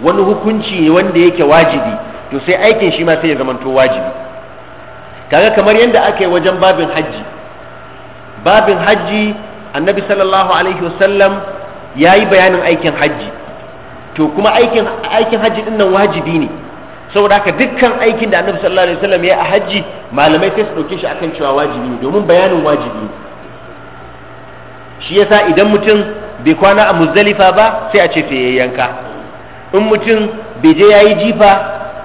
wani hukunci wanda yake wajibi to sai aikin shi ma sai ya zamanto wajibi kaga kamar yadda aka yi wajen babin hajji babin hajji annabi sallallahu alaihi wasallam ya yi bayanin aikin hajji to kuma aikin aikin hajji din nan wajibi ne saboda haka dukkan aikin da annabi sallallahu alaihi wasallam ya yi a hajji malamai sai su ɗauke shi akan cewa wajibi ne domin bayanin wajibi ne shi yasa idan mutum bai kwana a muzdalifa ba sai a ce sai ya yanka in mutum bai je yayi jifa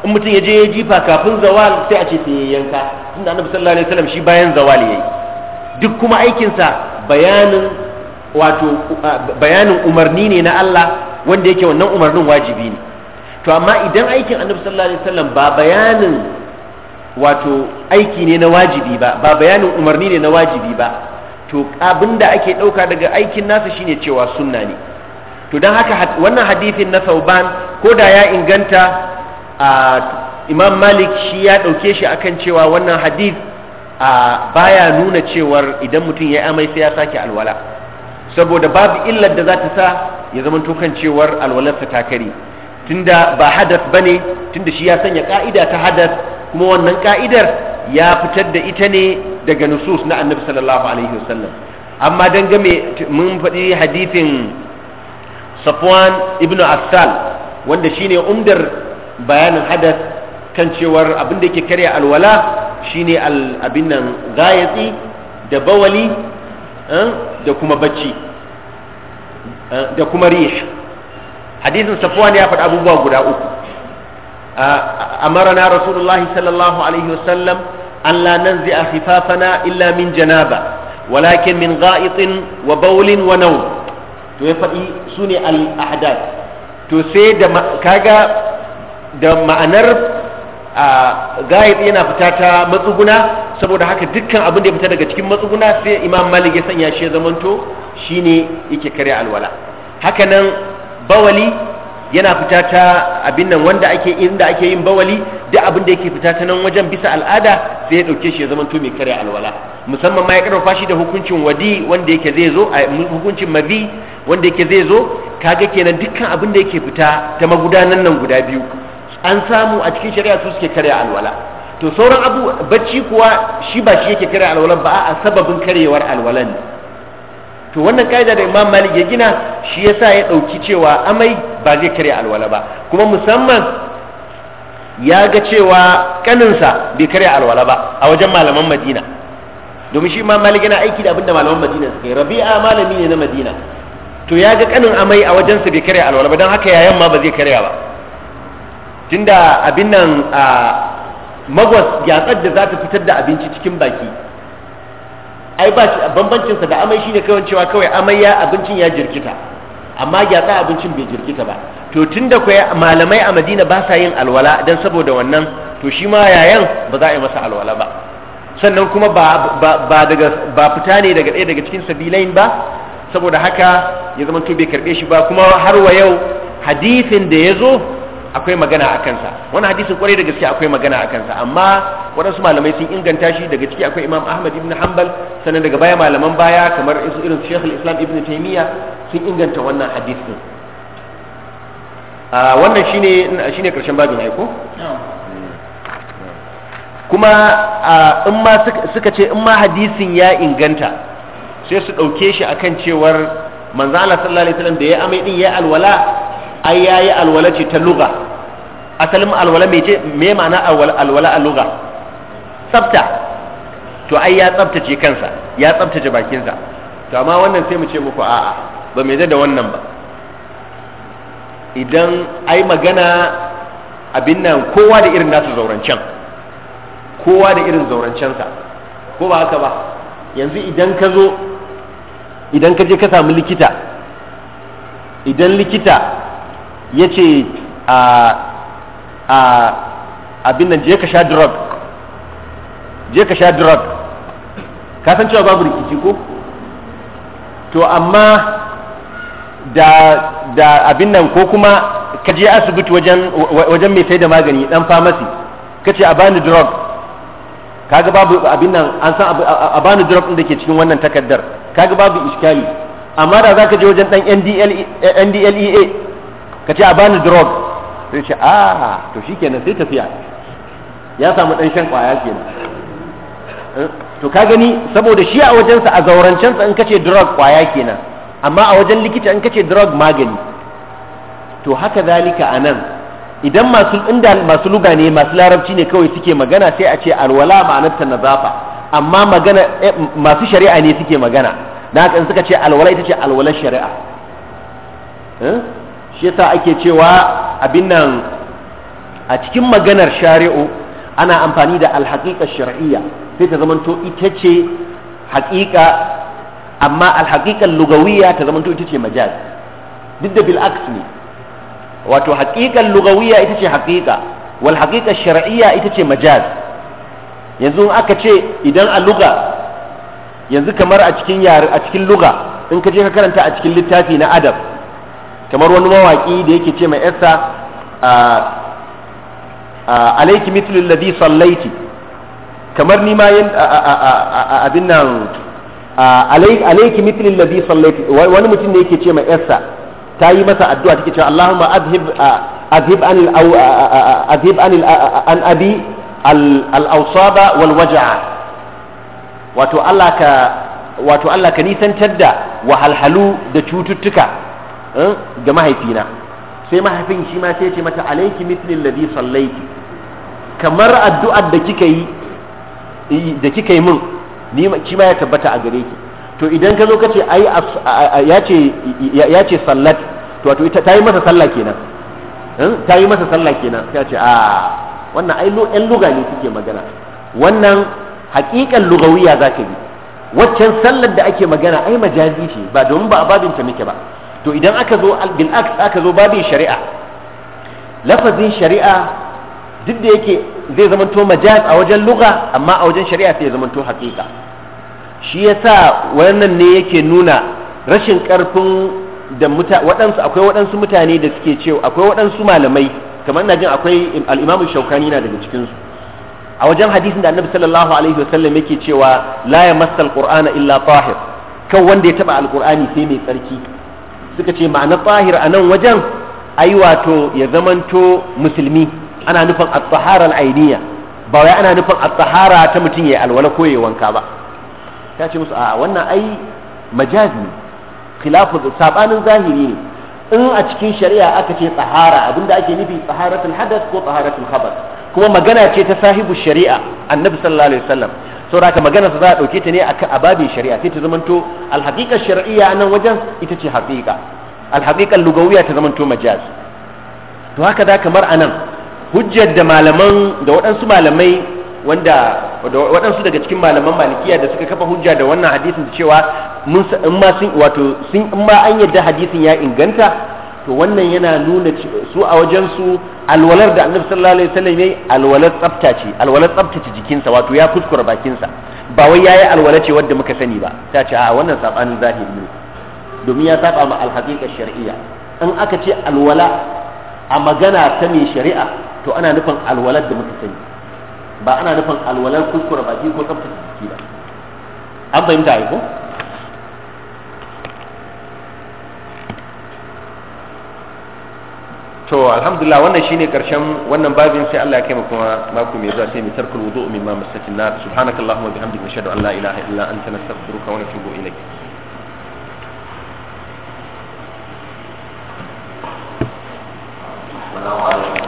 in mutum ya je ya jifa kafin zawal sai a ce sai ya yanka tunda annabi sallallahu alaihi wasallam shi bayan zawal yayi duk kuma aikinsa bayanin wato bayanin umarni ne na Allah wanda yake wannan umarnin wajibi ne to amma idan aikin annabi sallallahu alaihi wasallam ba bayanin wato aiki ne na wajibi ba ba bayanin umarni ne na wajibi ba to abinda ake ɗauka daga aikin nasa shine cewa sunna ne to don haka wannan hadithin na sauban ko da ya inganta a imam malik shi ya ɗauke shi akan cewa wannan hadith a baya nuna cewar idan mutum ya amai sai ya sake alwala saboda babu illar da za ta sa ya zama kan cewar alwalarsa ta kare tunda ba hadas bane tunda shi ya sanya ka'ida ta hadas kuma wannan ka'idar ya fitar da ita ne daga nusus na annabi sallallahu alaihi wasallam amma dan game mun faɗi hadithin safwan ibn asal wanda shine umdar bayanin hadas kan cewar abin da yake karya alwala shine abin nan gayatsi da bawali eh, da kuma bacci eh, da kuma rish hadisin safwan ya faɗi abubuwa guda uku amarana rasulullahi sallallahu alaihi wasallam an la nanzi'a khifafana illa min janaba walakin min gha'itin wa bawlin wa nawm to ya faɗi su ne ahdath to sai da kaga da ma'anar ga'it yana fita ta matsuguna saboda haka dukkan abin da ya fita daga cikin matsuguna sai imam malik ya sanya shi ya zamanto shine yake karya alwala haka nan bawali yana fita ta abin nan wanda ake inda ake yin bawali duk abin da yake fita ta nan wajen bisa al'ada sai ya dauke shi ya zama to mai karya alwala musamman ma ya karfafa shi da hukuncin wadi wanda yake zai zo hukuncin mabi wanda yake zai zo kaga kenan dukkan abin da yake fita ta magudanan nan guda biyu an samu a cikin shari'a su suke karya alwala to sauran abu bacci kuwa shi ba shi yake karya alwalan ba a sababin karyawar alwalan ne to wannan ka'ida da imam malik ya gina shi ya sa ya ɗauki cewa amai ba zai karya alwala ba kuma musamman ya ga cewa kaninsa bai karya alwala ba a wajen malaman madina domin shi imam malik yana aiki da abin da malaman madina suka yi rabi'a malami ne na madina to ya ga kanin amai a wajensa bai karya alwala ba don haka yayan ma ba zai karya ba tunda abin nan a magwas ya da za ta fitar da abinci cikin baki ai ba shi bambancin sa da amai shine kawai cewa kawai amai ya abincin ya jirkita amma gyatsa abincin bai jirkita ba to tunda kai malamai a Madina ba sa yin alwala dan saboda wannan to shi ma yayan ba za a yi masa alwala ba sannan kuma ba ba daga ba fita ne daga ɗaya daga cikin sabilain ba saboda haka ya zama to bai karbe shi ba kuma har wa yau hadisin da ya zo akwai magana a kansa wani hadisin kwarai da gaske akwai magana a kansa amma waɗansu malamai sun inganta shi daga ciki akwai imam ahmad ibn hanbal sannan daga baya malaman baya kamar irin shekul islam ibn taimiyya sun inganta wannan hadisin ah, wannan shine shine karshen babin aiko kuma ah, in ma suka ce in ma hadisin ya inganta sai su ɗauke shi akan cewar manzo Allah sallallahu alaihi wasallam da ya amai din ya alwala ai yayi alwala ce ta lugha asalin alwala me ce me ma'ana alwala a lugha tsafta to ai ya tsaftace kansa ya tsaftace bakinsa to amma wannan sai mu ce muku a'a ba me da wannan ba idan ai magana abin nan kowa da irin nasu zaurancen kowa da irin zaurancensa ko ba haka ba yanzu idan ka zo idan ka je ka samu likita idan likita ya ce a abin nan je ka sha drug je ka sha drug ka san cewa babu rikici ko to amma da da abin nan ko kuma ka je asibiti wajen wajen mai sai da magani dan famasi ka ce a bani drug kaga babu abin nan an san a bani drug din da ke cikin wannan takardar kaga babu iskali amma da zaka je wajen dan NDLEA ka ce a bani drug sai ce a to shikenan sai tafiya ya samu dan shan kwaya kenan eh, to ka gani saboda shi a wajensa a zaurancensa in kace drug kwaya kenan amma a wajen likita in kace drug magani to haka zalika nan idan masu inda masu luga ne masu larabci ne kawai suke magana sai a ce alwala ma'anar ta nazafa amma magana eh, masu shari'a ne suke magana da haka in suka ce alwala ita ce alwalar shari'a eh? shi yasa ake cewa abin nan a cikin maganar shari'u ana amfani da alhaƙiƙa shar'iyya sai ta zamanto ita ce haƙiƙa amma alhaƙiƙar lugawiya ta zamanto ita ce majaz duk da bil'aks ne wato haƙiƙar lugawiya ita ce haƙiƙa wal haƙiƙar shar'iyya ita ce majaz yanzu aka ce idan a luga yanzu kamar a cikin luga in ka je ka karanta a cikin littafi na adab kamar wani mawaki da yake ce mai yarsa alaiki mithlu alladhi sallaiti kamar ni ma yin abin nan alaiki sallaiti wani mutum ne yake ce mai ta yi masa addu'a take cewa Allahumma adhib adhib an adhib an an abi al-awsaba wal waj'a wato Allah ka wato Allah ka nisantar da wahalhalu da cututtuka Eh, ga mahaifina sai mahaifin shi ma sai ce mata alaiki mithlil ladhi sallaiti kamar addu'ar da kika yi da kika yi min ni shi ma ya tabbata a gare ki to idan ka zo ka ce ai ya ce ya ce sallat to wato ita tayi masa sallah kenan eh, tayi masa sallah kenan sai ce a wannan ai ɗan luga ne suke magana wannan haƙiƙan lugawiya za ka bi waccan sallar da ake magana ai majazi ce ba domin ba a babinta muke ba to idan aka zo bil aka zo babin shari'a lafazin shari'a duk da yake zai zamanto majaz a wajen lugha amma a wajen shari'a sai ya zamanto hakika shi ya sa wannan ne yake nuna rashin karfin da muta waɗansu akwai waɗansu mutane da suke cewa akwai waɗansu malamai kamar na jin akwai al-Imam na daga cikinsu a wajen hadisin da Annabi sallallahu alaihi wasallam yake cewa la yamassal qur'ana illa tahir kan wanda ya taba alqur'ani sai mai tsarki suka ce ma'ana tahir a nan wajen ai wato ya zamanto musulmi ana nufin at-tahara al-ainiya ba wai ana nufin at-tahara ta mutum yayi alwala ko yayi wanka ba ta ce musu a'a wannan ai majazi khilafu sabanin zahiri ne in a cikin shari'a aka ce tsahara abinda ake nufi tsaharatul hadath ko tsaharatul khabath kuma magana ce ta sahibu shari'a annabi sallallahu alaihi wasallam saboda haka magana za a dauke ta ne a babin shari'a sai ta zamanto alhaqiqa shar'iyya nan wajen ita ce haqiqa alhaqiqa lugawiyya ta zamanto majaz to haka da kamar anan hujjar da malaman da waɗansu malamai wanda waɗansu daga cikin malaman malikiya da suka kafa hujja da wannan hadisin cewa mun in ma sun wato sun in ma an yarda hadisin ya inganta to wannan yana nuna su a wajen su alwalar da annabi sallallahu alaihi wasallam yayi alwalar tsafta ce alwalar tsaftace jikinsa wato ya kuskura bakinsa ba wai yayi alwala ce wadda muka sani ba ta ce a wannan sabanin zahiri ne domin ya saba ma alhaqiqa shar'iyya in aka ce alwala a magana ta mai shari'a to ana nufin alwalar da muka sani ba ana nufin alwalar kuskura baki ko tsaftace jiki ba an fahimta ai ko to alhamdulillah wannan shine karshen wannan babin sai Allah ya kai mu kuma mako mai zuwa sai mu tarkul wudu min ma masakin nar subhanakallahumma wa bihamdika ashhadu an la ilaha illa anta nastaghfiruka wa natubu ilayk السلام عليكم ورحمة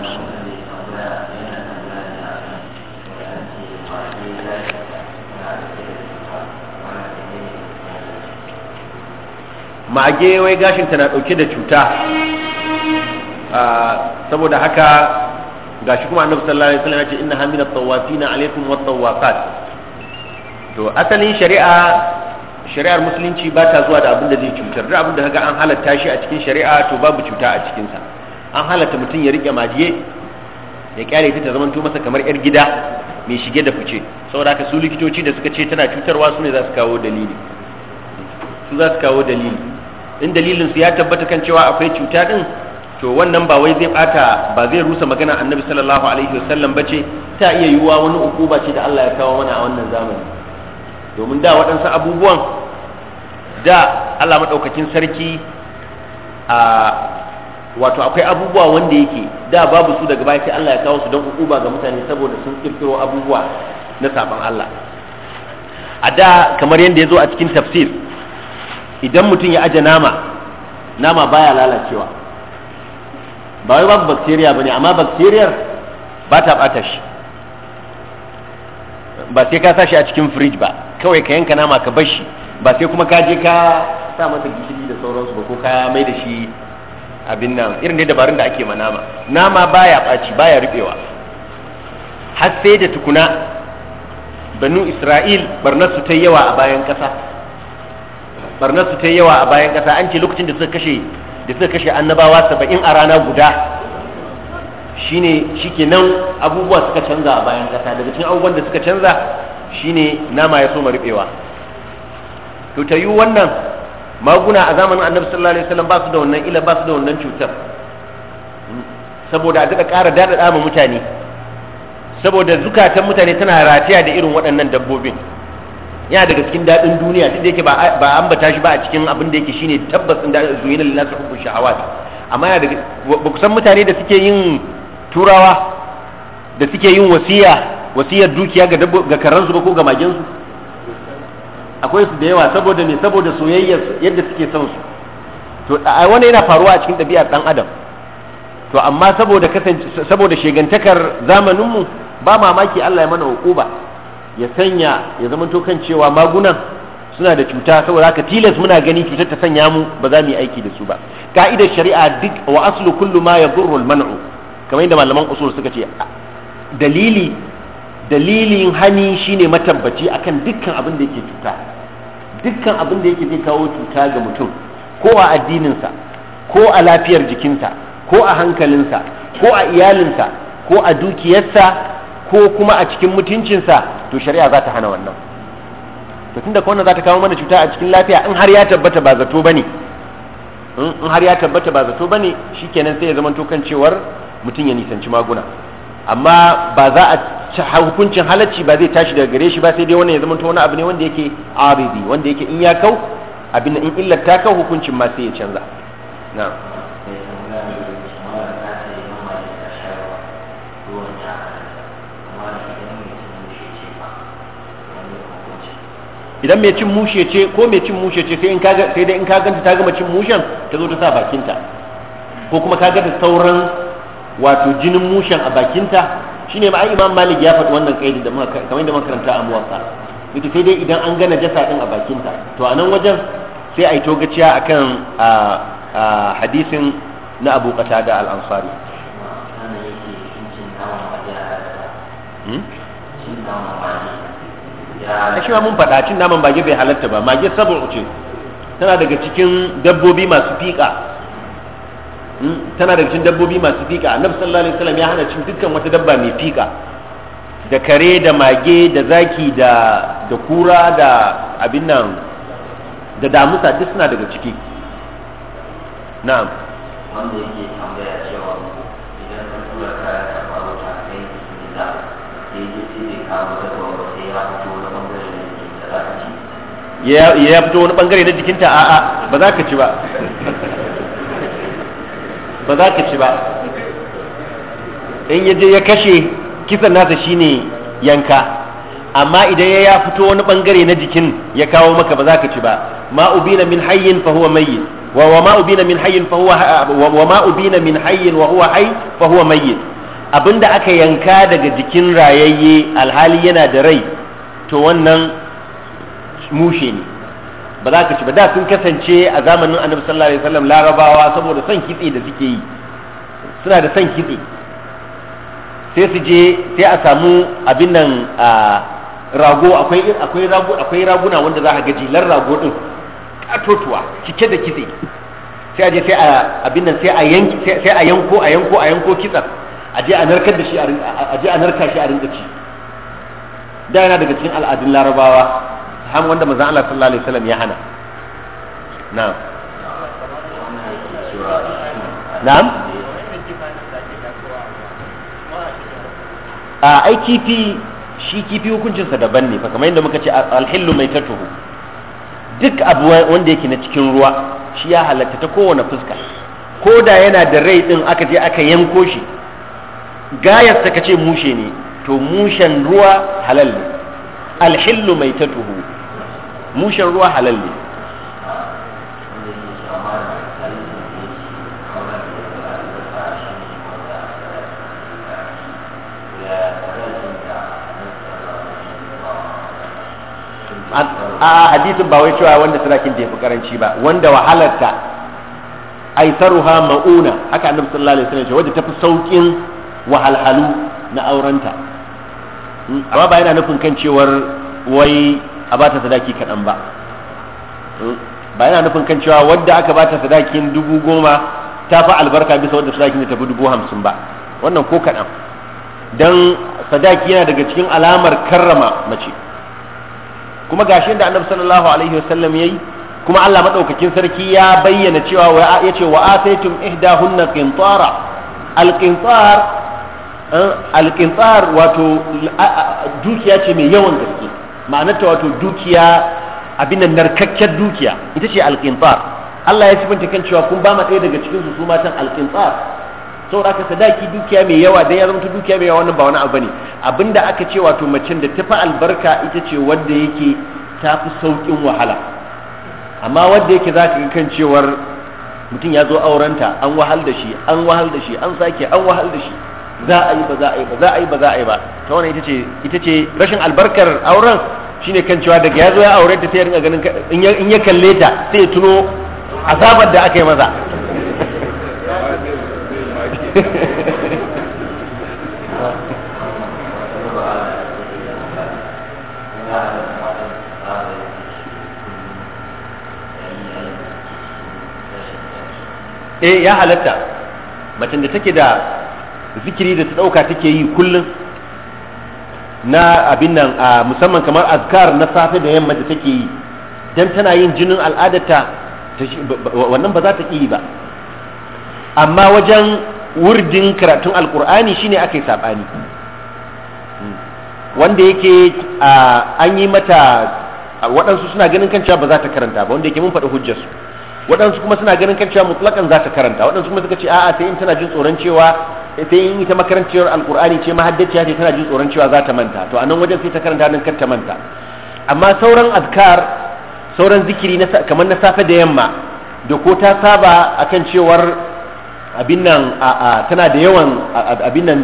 الله وبركاته mage wai gashin ta na dauke da cuta ah, saboda haka gashi kuma annabi sallallahu alaihi wasallam ya ce inna hamina tawafina alaikum wat tawafat to asalin shari'a shari'ar musulunci ba ta zuwa da abin da zai cutar da abin da kaga an halatta shi a cikin shari'a to babu cuta a cikin sa an halatta mutum ya rike majiye ya kyale ta ta zamanto masa kamar yar gida mai shige da fice saboda haka su likitoci da suka ce tana cutarwa su ne za su kawo dalili su za su kawo dalili in dalilin su ya tabbata kan cewa akwai cuta din to wannan ba wai zai bata ba zai rusa magana annabi sallallahu alaihi wasallam bace ta iya yiwuwa wani ukuba ce da Allah ya kawo mana a wannan zamani domin da waɗansu abubuwan da Allah madaukakin sarki a wato akwai abubuwa wanda yake da babu su daga baya sai Allah ya kawo su don ukuba ga mutane saboda sun kirkiro abubuwa na saban Allah a da kamar yadda ya zo a cikin tafsir idan mutum ya aje nama nama baya lalacewa ba wai babu bacteria bane amma bacteria ba ta bata shi ba sai ka sashi a cikin fridge ba kawai ka yanka nama ka bar shi ba sai kuma ka je ka sa masa gishiri da sauransu ba ko ka mai da shi abin nan irin dai dabarun da ake ma nama nama baya ɓaci baya rubewa har sai da tukuna banu isra'il barnar su ta yawa a bayan ƙasa barnar su ta yawa a bayan ƙasa an ce lokacin da suka kashe da suka kashe annabawa saba'in a rana guda shine shikenan abubuwa suka canza a bayan ƙasa daga cikin abubuwan da suka canza shine nama ya soma rubewa to ta yi wannan maguna a zamanin annabi sallallahu alaihi wasallam ba su da wannan ila ba su da wannan cutar saboda a daɗa ƙara daɗaɗa ma mutane saboda zukatan mutane tana rataya da irin waɗannan dabbobin yana daga cikin daɗin duniya duk da yake ba ambata shi ba a cikin abin da yake shine tabbasin da zuyina lillahi hubbu shahawat amma yana daga ba ku san mutane da suke yin turawa da suke yin wasiya wasiyar dukiya ga ga karansu ba ko ga magin su akwai su da yawa saboda me saboda soyayya yadda suke son su to wani yana faruwa a cikin ɗabi'ar ɗan adam to amma saboda kasance saboda shegantakar zamaninmu ba mamaki Allah ya mana hukuba ya sanya ya zama to kan cewa magunan suna da cuta saboda haka tilas muna gani cutar ta sanya mu ba za mu yi aiki da su ba ka'idar shari'a duk wa aslu kullu ma yadurru al-man'u kamar yadda malaman usul suka ce dalili dalilin hani shine matabbaci akan dukkan abin da yake cuta dukkan abin da yake zai kawo cuta ga mutum ko a addininsa ko a lafiyar jikinsa ko a hankalinsa ko a iyalinsa ko a dukiyarsa ko kuma a cikin mutuncinsa to shari'a za ta hana wannan to tunda wannan za ta kawo mana cuta a cikin lafiya in har ya tabbata ba zato bane in har ya tabbata ba zato bane shikenan sai ya zama to kan cewar mutum ya nisanci maguna amma ba za a hukuncin halacci ba zai tashi daga gare shi ba sai dai wannan ya zama to wani abu ne wanda yake aridi wanda yake in ya kau abin in illar ta kau hukuncin ma sai ya canza na'am idan mai cin mushe ce ko mai cin mushe ce sai dai in ka ganta ta gama cin mushen ta zo ta sa bakinta ko kuma ka ga sauran wato jinin mushen a bakinta shine ma Imam Malik ya faɗi wannan kaidi da muka kamar da makaranta a muwatta yace sai dai idan an gana jasa din a bakinta to a nan wajen sai yi togaciya akan a hadisin na Abu Qatada al-Ansari hmm? a shi ma mun faɗa cin naman mage bai halatta ba mage sabu ce tana daga cikin dabbobi masu fiƙa hmm? tana daga cikin dabbobi masu fiƙa annabi sallallahu alaihi wasallam ya hana cin dukkan wata dabba mai fiƙa da kare da mage da zaki da da kura da abin nan da damusa duk suna daga ciki na'am wanda yake tambaya cewa idan ka tura kaya ka faru ta kai da sai ya ce ya fito wani bangare na jikinta a'a ba za ka ci ba ba za ka ci ba in yaje ya kashe kisan nasa shine yanka amma idan ya fito wani bangare na jikin ya kawo maka ba za ka ci ba ma ubina min hayyin fa huwa mayyit wa wa ma ubina min hayyin fa huwa wa ma ubina min hayyin wa huwa hayy fa huwa mayyit abinda aka yanka daga jikin rayayye alhali yana da rai to wannan mushe ne ba za ka ci ba da sun kasance a zamanin annabi sallallahu alaihi wasallam larabawa saboda son kitse da suke yi suna da son kitse sai su je sai a samu abin nan a rago akwai akwai rago akwai raguna wanda za ka ga jilar rago din katotuwa cike da kitse sai a je sai a abin nan sai a yanki sai a yanko a yanko a yanko kitsen a je a narkar da shi a je a narka shi a rinka ci da yana daga cikin al'adun larabawa ham wanda manzon Allah sallallahu alaihi wasallam ya hana na'am na'am a ai kifi shi kifi hukuncinsa daban ne fa kamar yadda muka ce alhillu mai tatuhu duk abu wanda yake na cikin ruwa shi ya halatta ta kowane fuska ko da yana da rai din aka je aka yanko shi gayar ta kace mushe ne to mushen ruwa halal ne alhillu mai tatuhu mushen ruwa halal ne a hadisin ba wai cewa wanda sadakin kin ya karanci ba wanda wahalarta aitaruha ma'una haka annabi sallallahu alaihi wasallam ce wanda tafi saukin wahalhalu na aurenta hmm, amma ba yana nufin kan cewar wai a ba ta sadaki kaɗan ba ba yana nufin kan cewa wadda aka bata sadakin dubu goma ta fi albarka bisa wadda sadakin ta fi dubu hamsin ba wannan ko kaɗan don sadaki yana daga cikin alamar karrama mace kuma gashin da annabi sallallahu alaihi wasallam yayi kuma Allah madaukakin sarki ya bayyana cewa wa ce wa ataytum ihdahunna qintara alqintar eh, alqintar wato dukiya ce mai yawan gaske ma'anarta wato dukiya abin nan narkakken dukiya ita ce alƙintar Allah ya sifanta kan cewa kun ba ma ɗaya daga cikin su can matan alƙintar saboda aka sadaki dukiya mai yawa da ya zama dukiya mai yawa wannan ba wani abu ne abinda aka ce wato macen da tafi albarka ita ce wadda yake ta fi sauƙin wahala amma wadda yake za ka ga kan cewar mutum ya zo aurenta an wahal da shi an wahal da shi an sake an wahal da shi za a yi ba za a yi ba za a yi ba za a yi ba ta wannan ita ce ita ce rashin albarkar auren shine kan cewa daga ya zo ya aure ta sai ringa ganin in ya kalle ta sai tuno azabar da aka yi maza eh ya halatta macin da take da zikiri da ta ɗauka take yi kullum na abin nan a musamman kamar azkar na safe da yamma da take yi dan tana yin jinin al'adarta wannan ba za ta yi ba amma wajen wurdin karatun alkur'ani shine aka yi saɓani hmm. wanda yake an yi mata waɗansu suna ganin kan cewa ba za ta karanta ba wanda yake mun faɗi hujjarsu waɗansu kuma suna ganin kan cewa mutlakan za ta karanta waɗansu kuma suka ce a'a sai in tana jin tsoron cewa sai in ita makarantar alkur'ani ce mahaddaciya ce tana jin tsoron cewa za ta manta to a nan wajen sai ta karanta don kar ta manta amma sauran azkar sauran zikiri kamar na safe da yamma da ko ta saba akan cewar abin nan tana da yawan abin nan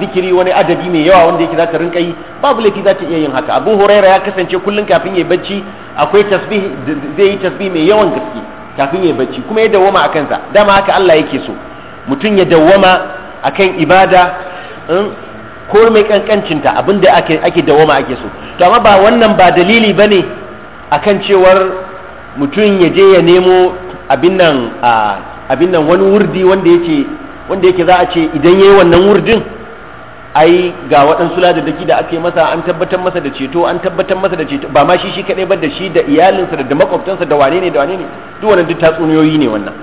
zikiri wani adadi mai yawa wanda yake za ta rinka yi babu laifi za ta iya yin haka abu huraira ya kasance kullum kafin ya bacci akwai tasbih zai yi tasbih mai yawan gaske kafin ya bacci kuma ya dawwama akansa sa dama haka Allah yake so mutum ya dawwama akan ibada ko mai kankancinta abinda ake ake dawoma ake so to amma ba wannan ba dalili bane akan cewar mutum ya je ya nemo abin nan abin nan wani wurdi wanda yake wanda yake za a ce idan yayi wannan wurdin ai ga waɗansu ladadaki da ake masa an tabbatar masa da ceto an tabbatar masa da ceto ba ma shi shi kaɗai ba da shi da iyalinsa da makwabtansa da wane ne da wane ne duk wannan duk tatsuniyoyi ne wannan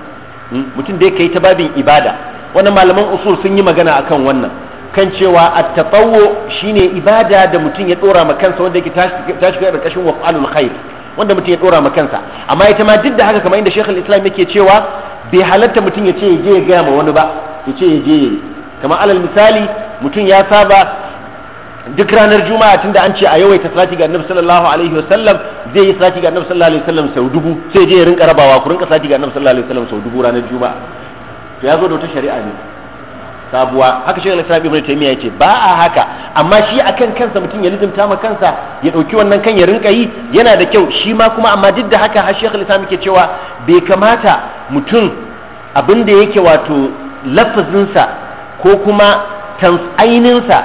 hmm? mutum dai kai ta babin ibada wani malaman usul sun yi magana akan wannan kan cewa at-tatawwu shine ibada da mutum ya dora ma kansa wanda yake tashi tashi karkashin wa'alul khair wanda mutum ya dora ma kansa amma ita ma duk da haka kamar inda Sheikhul Islam yake cewa bai halatta mutum ya ce ya je ya gaya ma wani ba ya ce ya je kamar alal misali mutum ya saba duk ranar juma'a tunda an ce a yawaita salati ga annabi sallallahu alaihi wasallam zai yi salati ga annabi sallallahu alaihi wasallam sau dubu sai je ya rinka rabawa ku rinka salati ga annabi sallallahu alaihi wasallam sau dubu ranar juma'a to ya zo da wata shari'a ne sabuwa haka shi al ne ibn taymiya yace ba a haka amma shi akan kansa mutum ya lizimta ma kansa ya dauki wannan kan ya rinka yi yana da kyau shi ma kuma amma duk da haka har shekul muke cewa bai kamata mutum abin da yake wato lafazinsa ko kuma tansa'ininsa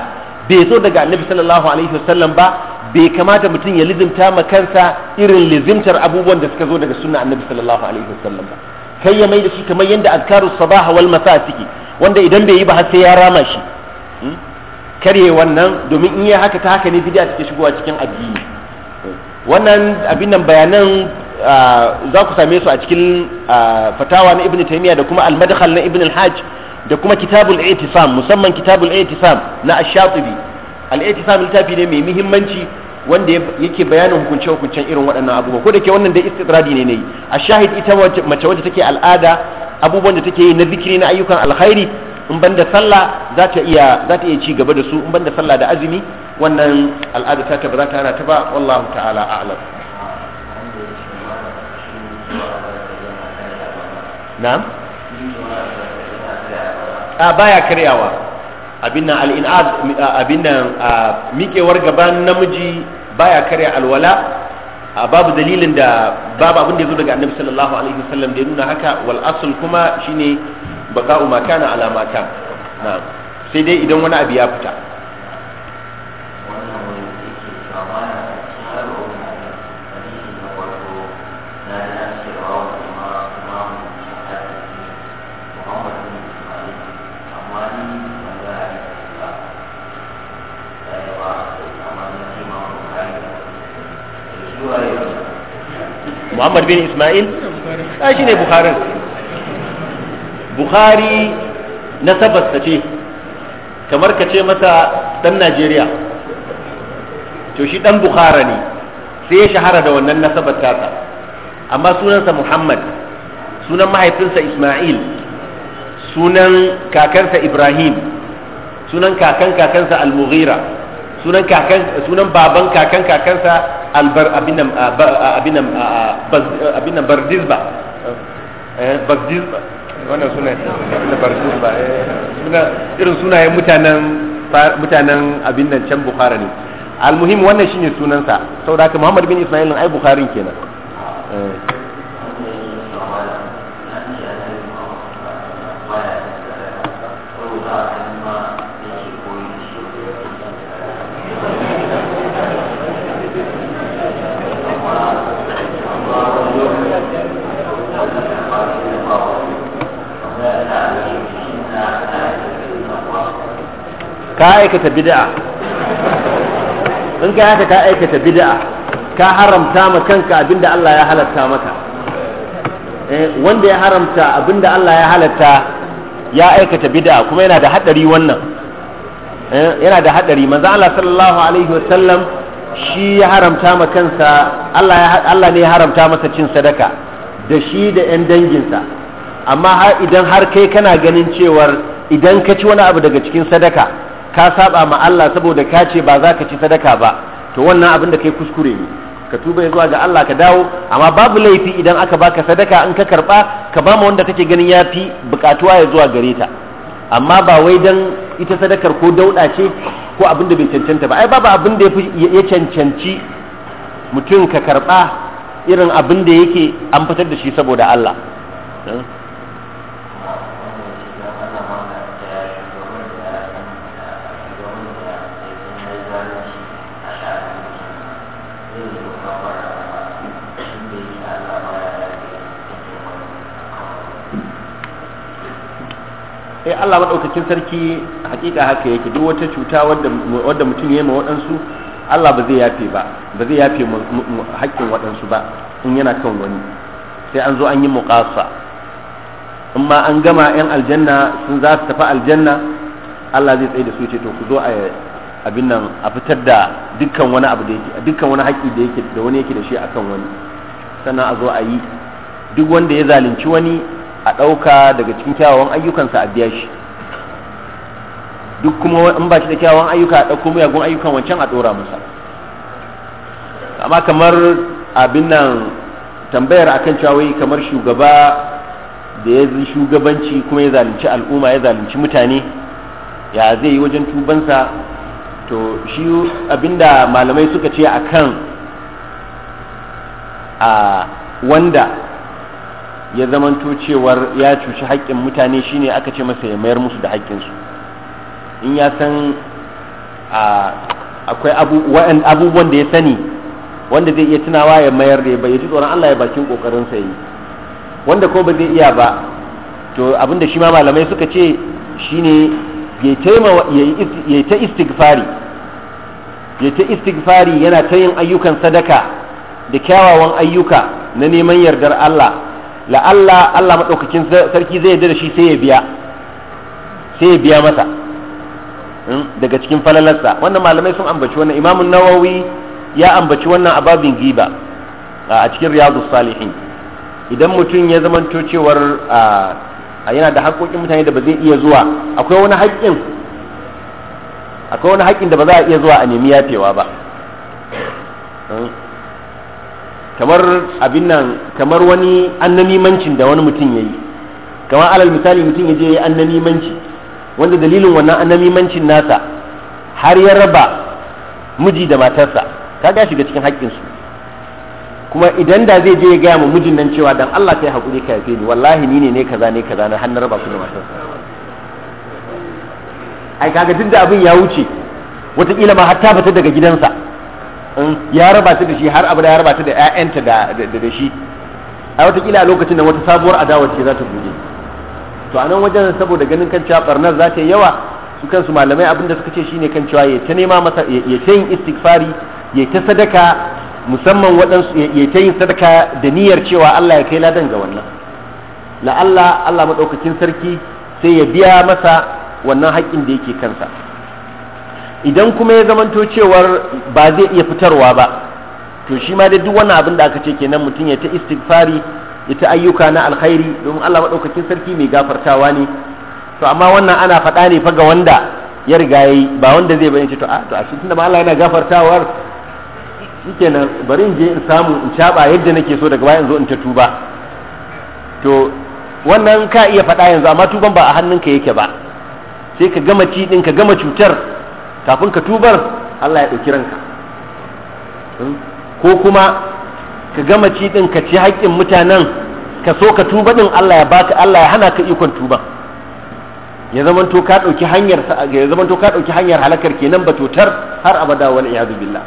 bai zo daga annabi sallallahu alaihi wasallam ba bai kamata mutum ya lizimta ma kansa irin lizimtar abubuwan da suka zo daga sunna annabi sallallahu alaihi wasallam ba kai ya mai da shi kamar yadda azkaru sabah wal masa suke wanda idan bai yi ba har sai ya rama shi hmm? karye wannan domin in yi haka ta haka ne bid'a take shigowa cikin addini wannan abin nan bayanan za ku same su a cikin fatawa na ibnu taymiya da kuma al-madkhal na ibnu al-hajj da kuma kitabul i'tisam musamman kitabul i'tisam na ash-shatibi al-i'tisam littafi ne mai muhimmanci wanda yake bayanin hukunce hukuncen irin waɗannan abubuwa ko da ke wannan dai istidradi ne a shahid ita mace wacce take al'ada abubuwan da take yi na zikiri na ayyukan alkhairi in da sallah za ta iya za ta iya ci gaba da su in da sallah da azumi wannan al'ada ta ba za ta ta ba wallahu ta'ala a'lam na'am a baya karyawa abin nan al'in'ad abin nan miƙewar gaban namiji baya karya alwala babu dalilin da babu abin da ya zo daga annabi sallallahu alaihi wasallam da ya nuna haka wal asl kuma shine baqa'u ma kana ala ma sai dai idan wani abu ya fita bin Ismail a shi ne Bukharin Bukhari na tabbasta ce kamar ka ce masa ɗan Najeriya to shi ɗan Bukhara ne sai ya shahara da wannan nasabar tasa amma sunansa Muhammad sunan mahaifinsa Ismail sunan kakansa Ibrahim sunan kakan kakansa Al-Mughira sunan kakan sunan baban kakan kakansa albar abinan abinan abinan bardizba irin sunayen mutanen abin nan can bukhara ne almuhim wannan shine sunansa saboda haka muhammad bin isma'il ai bukharin kenan eh. ka aikata bid'a in ka haka ka aikata bid'a ka haramta ma kanka abinda Allah ya halatta maka eh, wanda ya haramta abinda Allah ya halatta ya aikata bid'a kuma yana da hadari wannan eh, yana da hadari manzo Allah sallallahu alaihi wasallam shi ya haramta ma kansa Allah Allah ne ya haramta masa cin sadaka da shi da ƴan danginsa amma har idan har kai kana ganin cewar idan ka ci wani abu daga cikin sadaka ka saba ma Allah saboda ka ce ba za ka ci sadaka ba to wannan abin da kai kuskure ne ka tuba zuwa ga Allah ka dawo amma babu laifi idan aka baka sadaka in ka karba ka ba ma wanda kake ganin yafi bukatuwa ya zuwa gare ta amma ba wai dan ita sadakar ko dauda ce ko abin da bai cancanta ba ai babu abin da ya cancanci mutum ka karba irin abin da yake an fitar da shi saboda Allah Allah madaukakin sarki hakika haka yake duk wata cuta wadda mutum ya ma waɗansu Allah ba zai yafe ba ba zai yafe haƙƙin waɗansu ba in yana kan wani sai an zo an yi muƙasa in ma an gama yan aljanna sun za su tafi aljanna Allah zai tsaye da su ce to ku zo a abin nan a fitar da dukkan wani abu da yake dukkan wani haƙƙi da yake da wani yake da shi akan wani sannan a zo a yi duk wanda ya zalunci wani a ɗauka daga cikin kyawawan ayyukansa a biya shi duk kuma in ba shi da kyawun ayyuka a ɗauko miyagun ayyukan wancan a ɗora masa amma kamar abin nan tambayar akan cewa kamar shugaba da ya shugabanci kuma ya zalunci al'umma ya zalunci mutane ya zai yi wajen tubansa to shi abinda malamai suka ce a kan a wanda ya zamanto cewar ya cuci haƙƙin mutane shine aka ce masa ya mayar musu da haƙƙinsu in ya san akwai abubuwan da ya sani wanda zai iya tunawa ya mayar da bai ji tsoron Allah ya bakin kokarin sa yi wanda ko ba zai iya ba to abin da shi ma malamai suka ce shine ya ta istighfari ya ta istighfari yana ta yin ayyukan sadaka da kyawawan ayyuka na neman yardar Allah la'alla Allah maɗaukakin sarki zai yarda da shi sai ya biya sai ya biya masa Hmm? daga cikin falalarsa wannan malamai sun ambaci wannan imamun nawawi ya ambaci wannan ababin giba a cikin riyadus salihin idan mutum ya zama cewar yana da haƙoƙin mutane da ba zai iya zuwa akwai wani haƙƙin akwai wani haƙƙin da ba za a iya zuwa a nemi yafewa ba hmm? kamar abin nan kamar wani annanimancin da wani mutum ya yi kamar alal misali mutum ya je ya yi annanimanci wanda dalilin wannan anamimancin nasa har ya raba miji da matarsa ta ga shiga cikin haƙƙinsu kuma idan da zai je ya gaya ma mijin nan cewa dan Allah sai haƙuri ka yafe ni wallahi ni ne ne kaza ne kaza na har na raba ku da matarsa ai kaga duk da abin ya wuce wataƙila ma ta fita daga gidansa ya raba ta da shi har abu da ya raba ta da 'ya'yanta da shi a wataƙila a lokacin da wata sabuwar adawa ce za ta buɗe to a nan wajen saboda ganin kan cewa barnar za ta yi yawa su kansu malamai abin da suka ce shine kan cewa ya ta nema masa ya ta yin istighfari ya ta sadaka musamman waɗansu ya ta yin sadaka da niyyar cewa Allah ya kai ladan ga wannan la Allah allah madaukakin sarki sai ya biya masa wannan haƙƙin da yake kansa idan kuma ya zamanto cewar ba zai iya fitarwa ba to shi ma dai duk wannan abin da aka ce kenan mutum ya ta istighfari ita ayyuka na alkhairi don Allah maɗaukakin sarki mai gafartawa ne to amma wannan ana faɗa ne fa ga wanda ya riga yi ba wanda zai bayyana to a to a da ma Allah yana gafartawar shikenan bari in je in samu in caba yadda nake so daga bayan zo in ta tuba to wannan ka iya faɗa yanzu amma tuban ba a hannunka yake ba sai ka gama ci din ka gama cutar kafin ka tubar Allah ya ɗauki ranka hmm? ko kuma ka gama ci din ka ci haƙƙin mutanen ka so ka tuba din Allah ya baka Allah ya hana ka ikon tuba ya zaman to ka dauki hanyar ya zaman to ka dauki hanyar halakar kenan ba totar har abada wal iyadu billah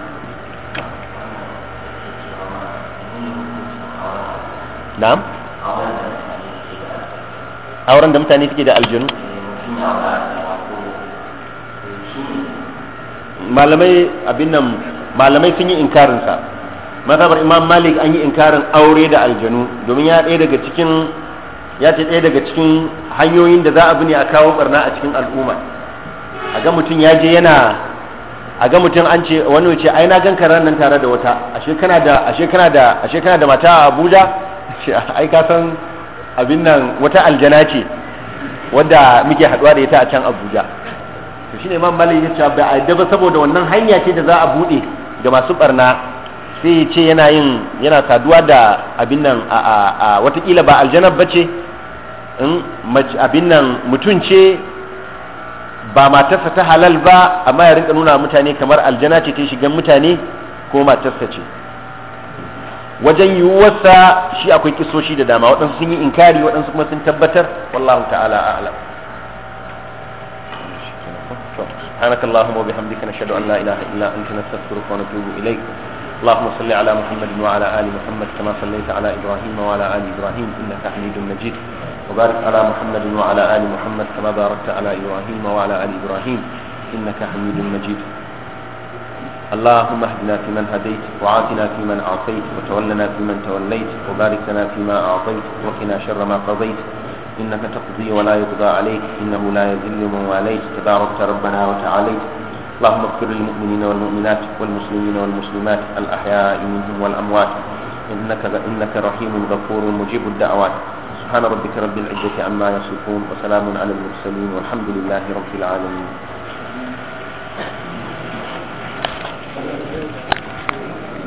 na'am auren da mutane suke da aljunu. malamai abin nan malamai sun yi sa mazhabar imam malik an yi inkarin aure da aljanu domin ya ɗaya daga cikin ya ce ɗaya daga cikin hanyoyin da za a bi ne a kawo barna a cikin al'umma a ga mutum ya je yana a ga mutum an ce wani ce ai na gan karan nan tare da wata ashe kana da ashe kana da ashe kana da mata a Abuja ai ka san abin nan wata aljana ce wadda muke haduwa da ita a can Abuja to shine Imam Malik ya ce ba a saboda wannan hanya ce da za a bude ga masu barna sai ya ce yana yin yana saduwa da abin nan a watakila ba aljanab ba ce abin nan mutum ce ba matarsa ta halal ba amma ya rinka nuna mutane kamar aljana ce ta shigan mutane ko matarsa ce wajen yiwuwarsa shi akwai kisoshi da dama waɗansu sun yi inkari waɗansu kuma sun tabbatar wallahu ta'ala a'lam سبحانك اللهم وبحمدك نشهد أن لا إله إلا أنت نستغفرك ونتوب إليك اللهم صل على محمد وعلى آل محمد كما صليت على إبراهيم وعلى آل إبراهيم إنك حميد مجيد وبارك على محمد وعلى آل محمد كما باركت على إبراهيم وعلى آل إبراهيم إنك حميد مجيد اللهم اهدنا فيمن هديت وعافنا فيمن أعطيت وتولنا فيمن توليت وبارك لنا فيما أعطيت وقنا شر ما قضيت إنك تقضي ولا يقضى عليك إنه لا يذل من واليت تباركت ربنا وتعاليت اللهم اغفر للمؤمنين والمؤمنات والمسلمين والمسلمات الأحياء منهم والأموات إنك إنك رحيم غفور مجيب الدعوات سبحان ربك رب العزة عما يصفون وسلام على المرسلين والحمد لله رب العالمين